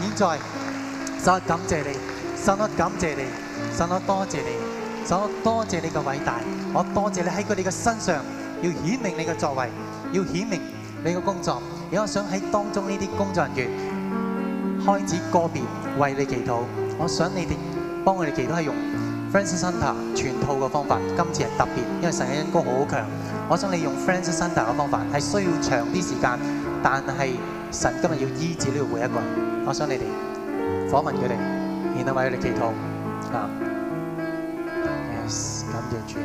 現在，神我感謝你，神我感謝你，神我多謝你，神我多謝你個偉大。我多謝你喺佢哋嘅身上，要顯明你嘅作為，要顯明你嘅工作。而我想喺當中呢啲工作人員開始個別為你祈禱，我想你哋幫我哋祈禱係用 Friends c e n t e r 全套嘅方法，今次係特別，因為神嘅恩膏好強。我想你們用 Friends c e n t e r 嘅方法係需要長啲時間，但係神今日要醫治呢度每一個人。我想你哋訪問佢哋，然後為佢哋祈禱。啊，yes，感謝主。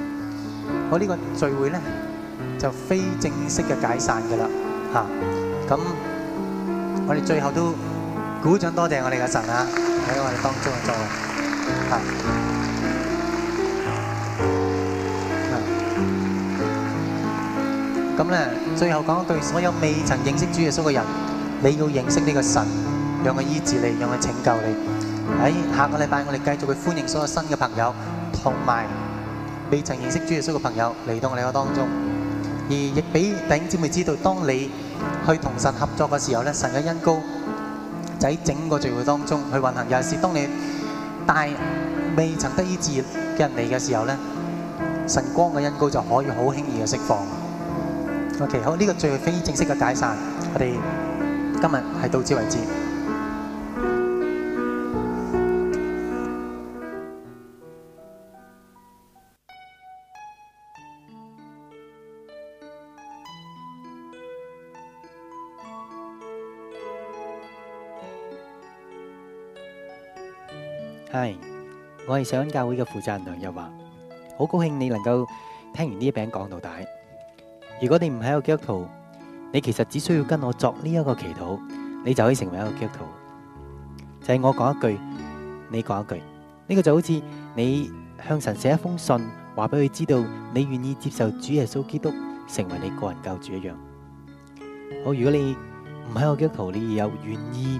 好，呢、這個聚會咧就非正式嘅解散㗎啦。嚇、啊，咁我哋最後都。鼓掌，多謝我哋嘅神啊！喺我哋當中啊，做啊，咁咧，最後講對所有未曾認識主耶穌嘅人，你要認識呢個神，讓佢醫治你，讓佢拯救你。喺下個禮拜，我哋繼續去歡迎所有新嘅朋友，同埋未曾認識主耶穌嘅朋友嚟到我哋嘅當中，而亦俾弟兄姊妹知道，當你去同神合作嘅時候咧，神嘅恩膏。喺整個聚會當中去運行，尤其是當你帶未曾得以志業嘅人嚟嘅時候呢，神光嘅恩膏就可以好輕易嘅釋放。OK，好，呢、這個聚會非正式嘅解散，我哋今日係到此為止。係，我係上恩教會嘅負責人梁日華，好高興你能夠聽完呢一篇講道。如果你唔係一個基督徒，你其實只需要跟我作呢一個祈禱，你就可以成為一個基督徒。就係我講一句，你講一句，呢個就好似你向神寫一封信，話俾佢知道你願意接受主耶穌基督成為你個人救主一樣。好，如果你唔係一個基督徒，你又願意？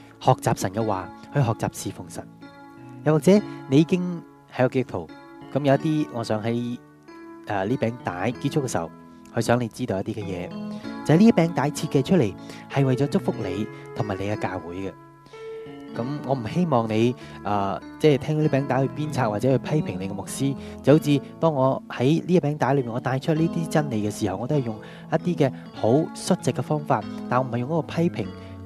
學習神嘅話，去學習侍奉神。又或者你已經喺個基督徒，咁有一啲，我想喺誒呢餅帶結束嘅時候，去想你知道一啲嘅嘢。就係呢一餅帶設計出嚟，係為咗祝福你同埋你嘅教會嘅。咁我唔希望你誒，即係聽到呢餅帶去鞭策或者去批評你嘅牧師。就好似當我喺呢一餅帶裏面，我帶出呢啲真理嘅時候，我都係用一啲嘅好率直嘅方法，但係我唔係用嗰個批評，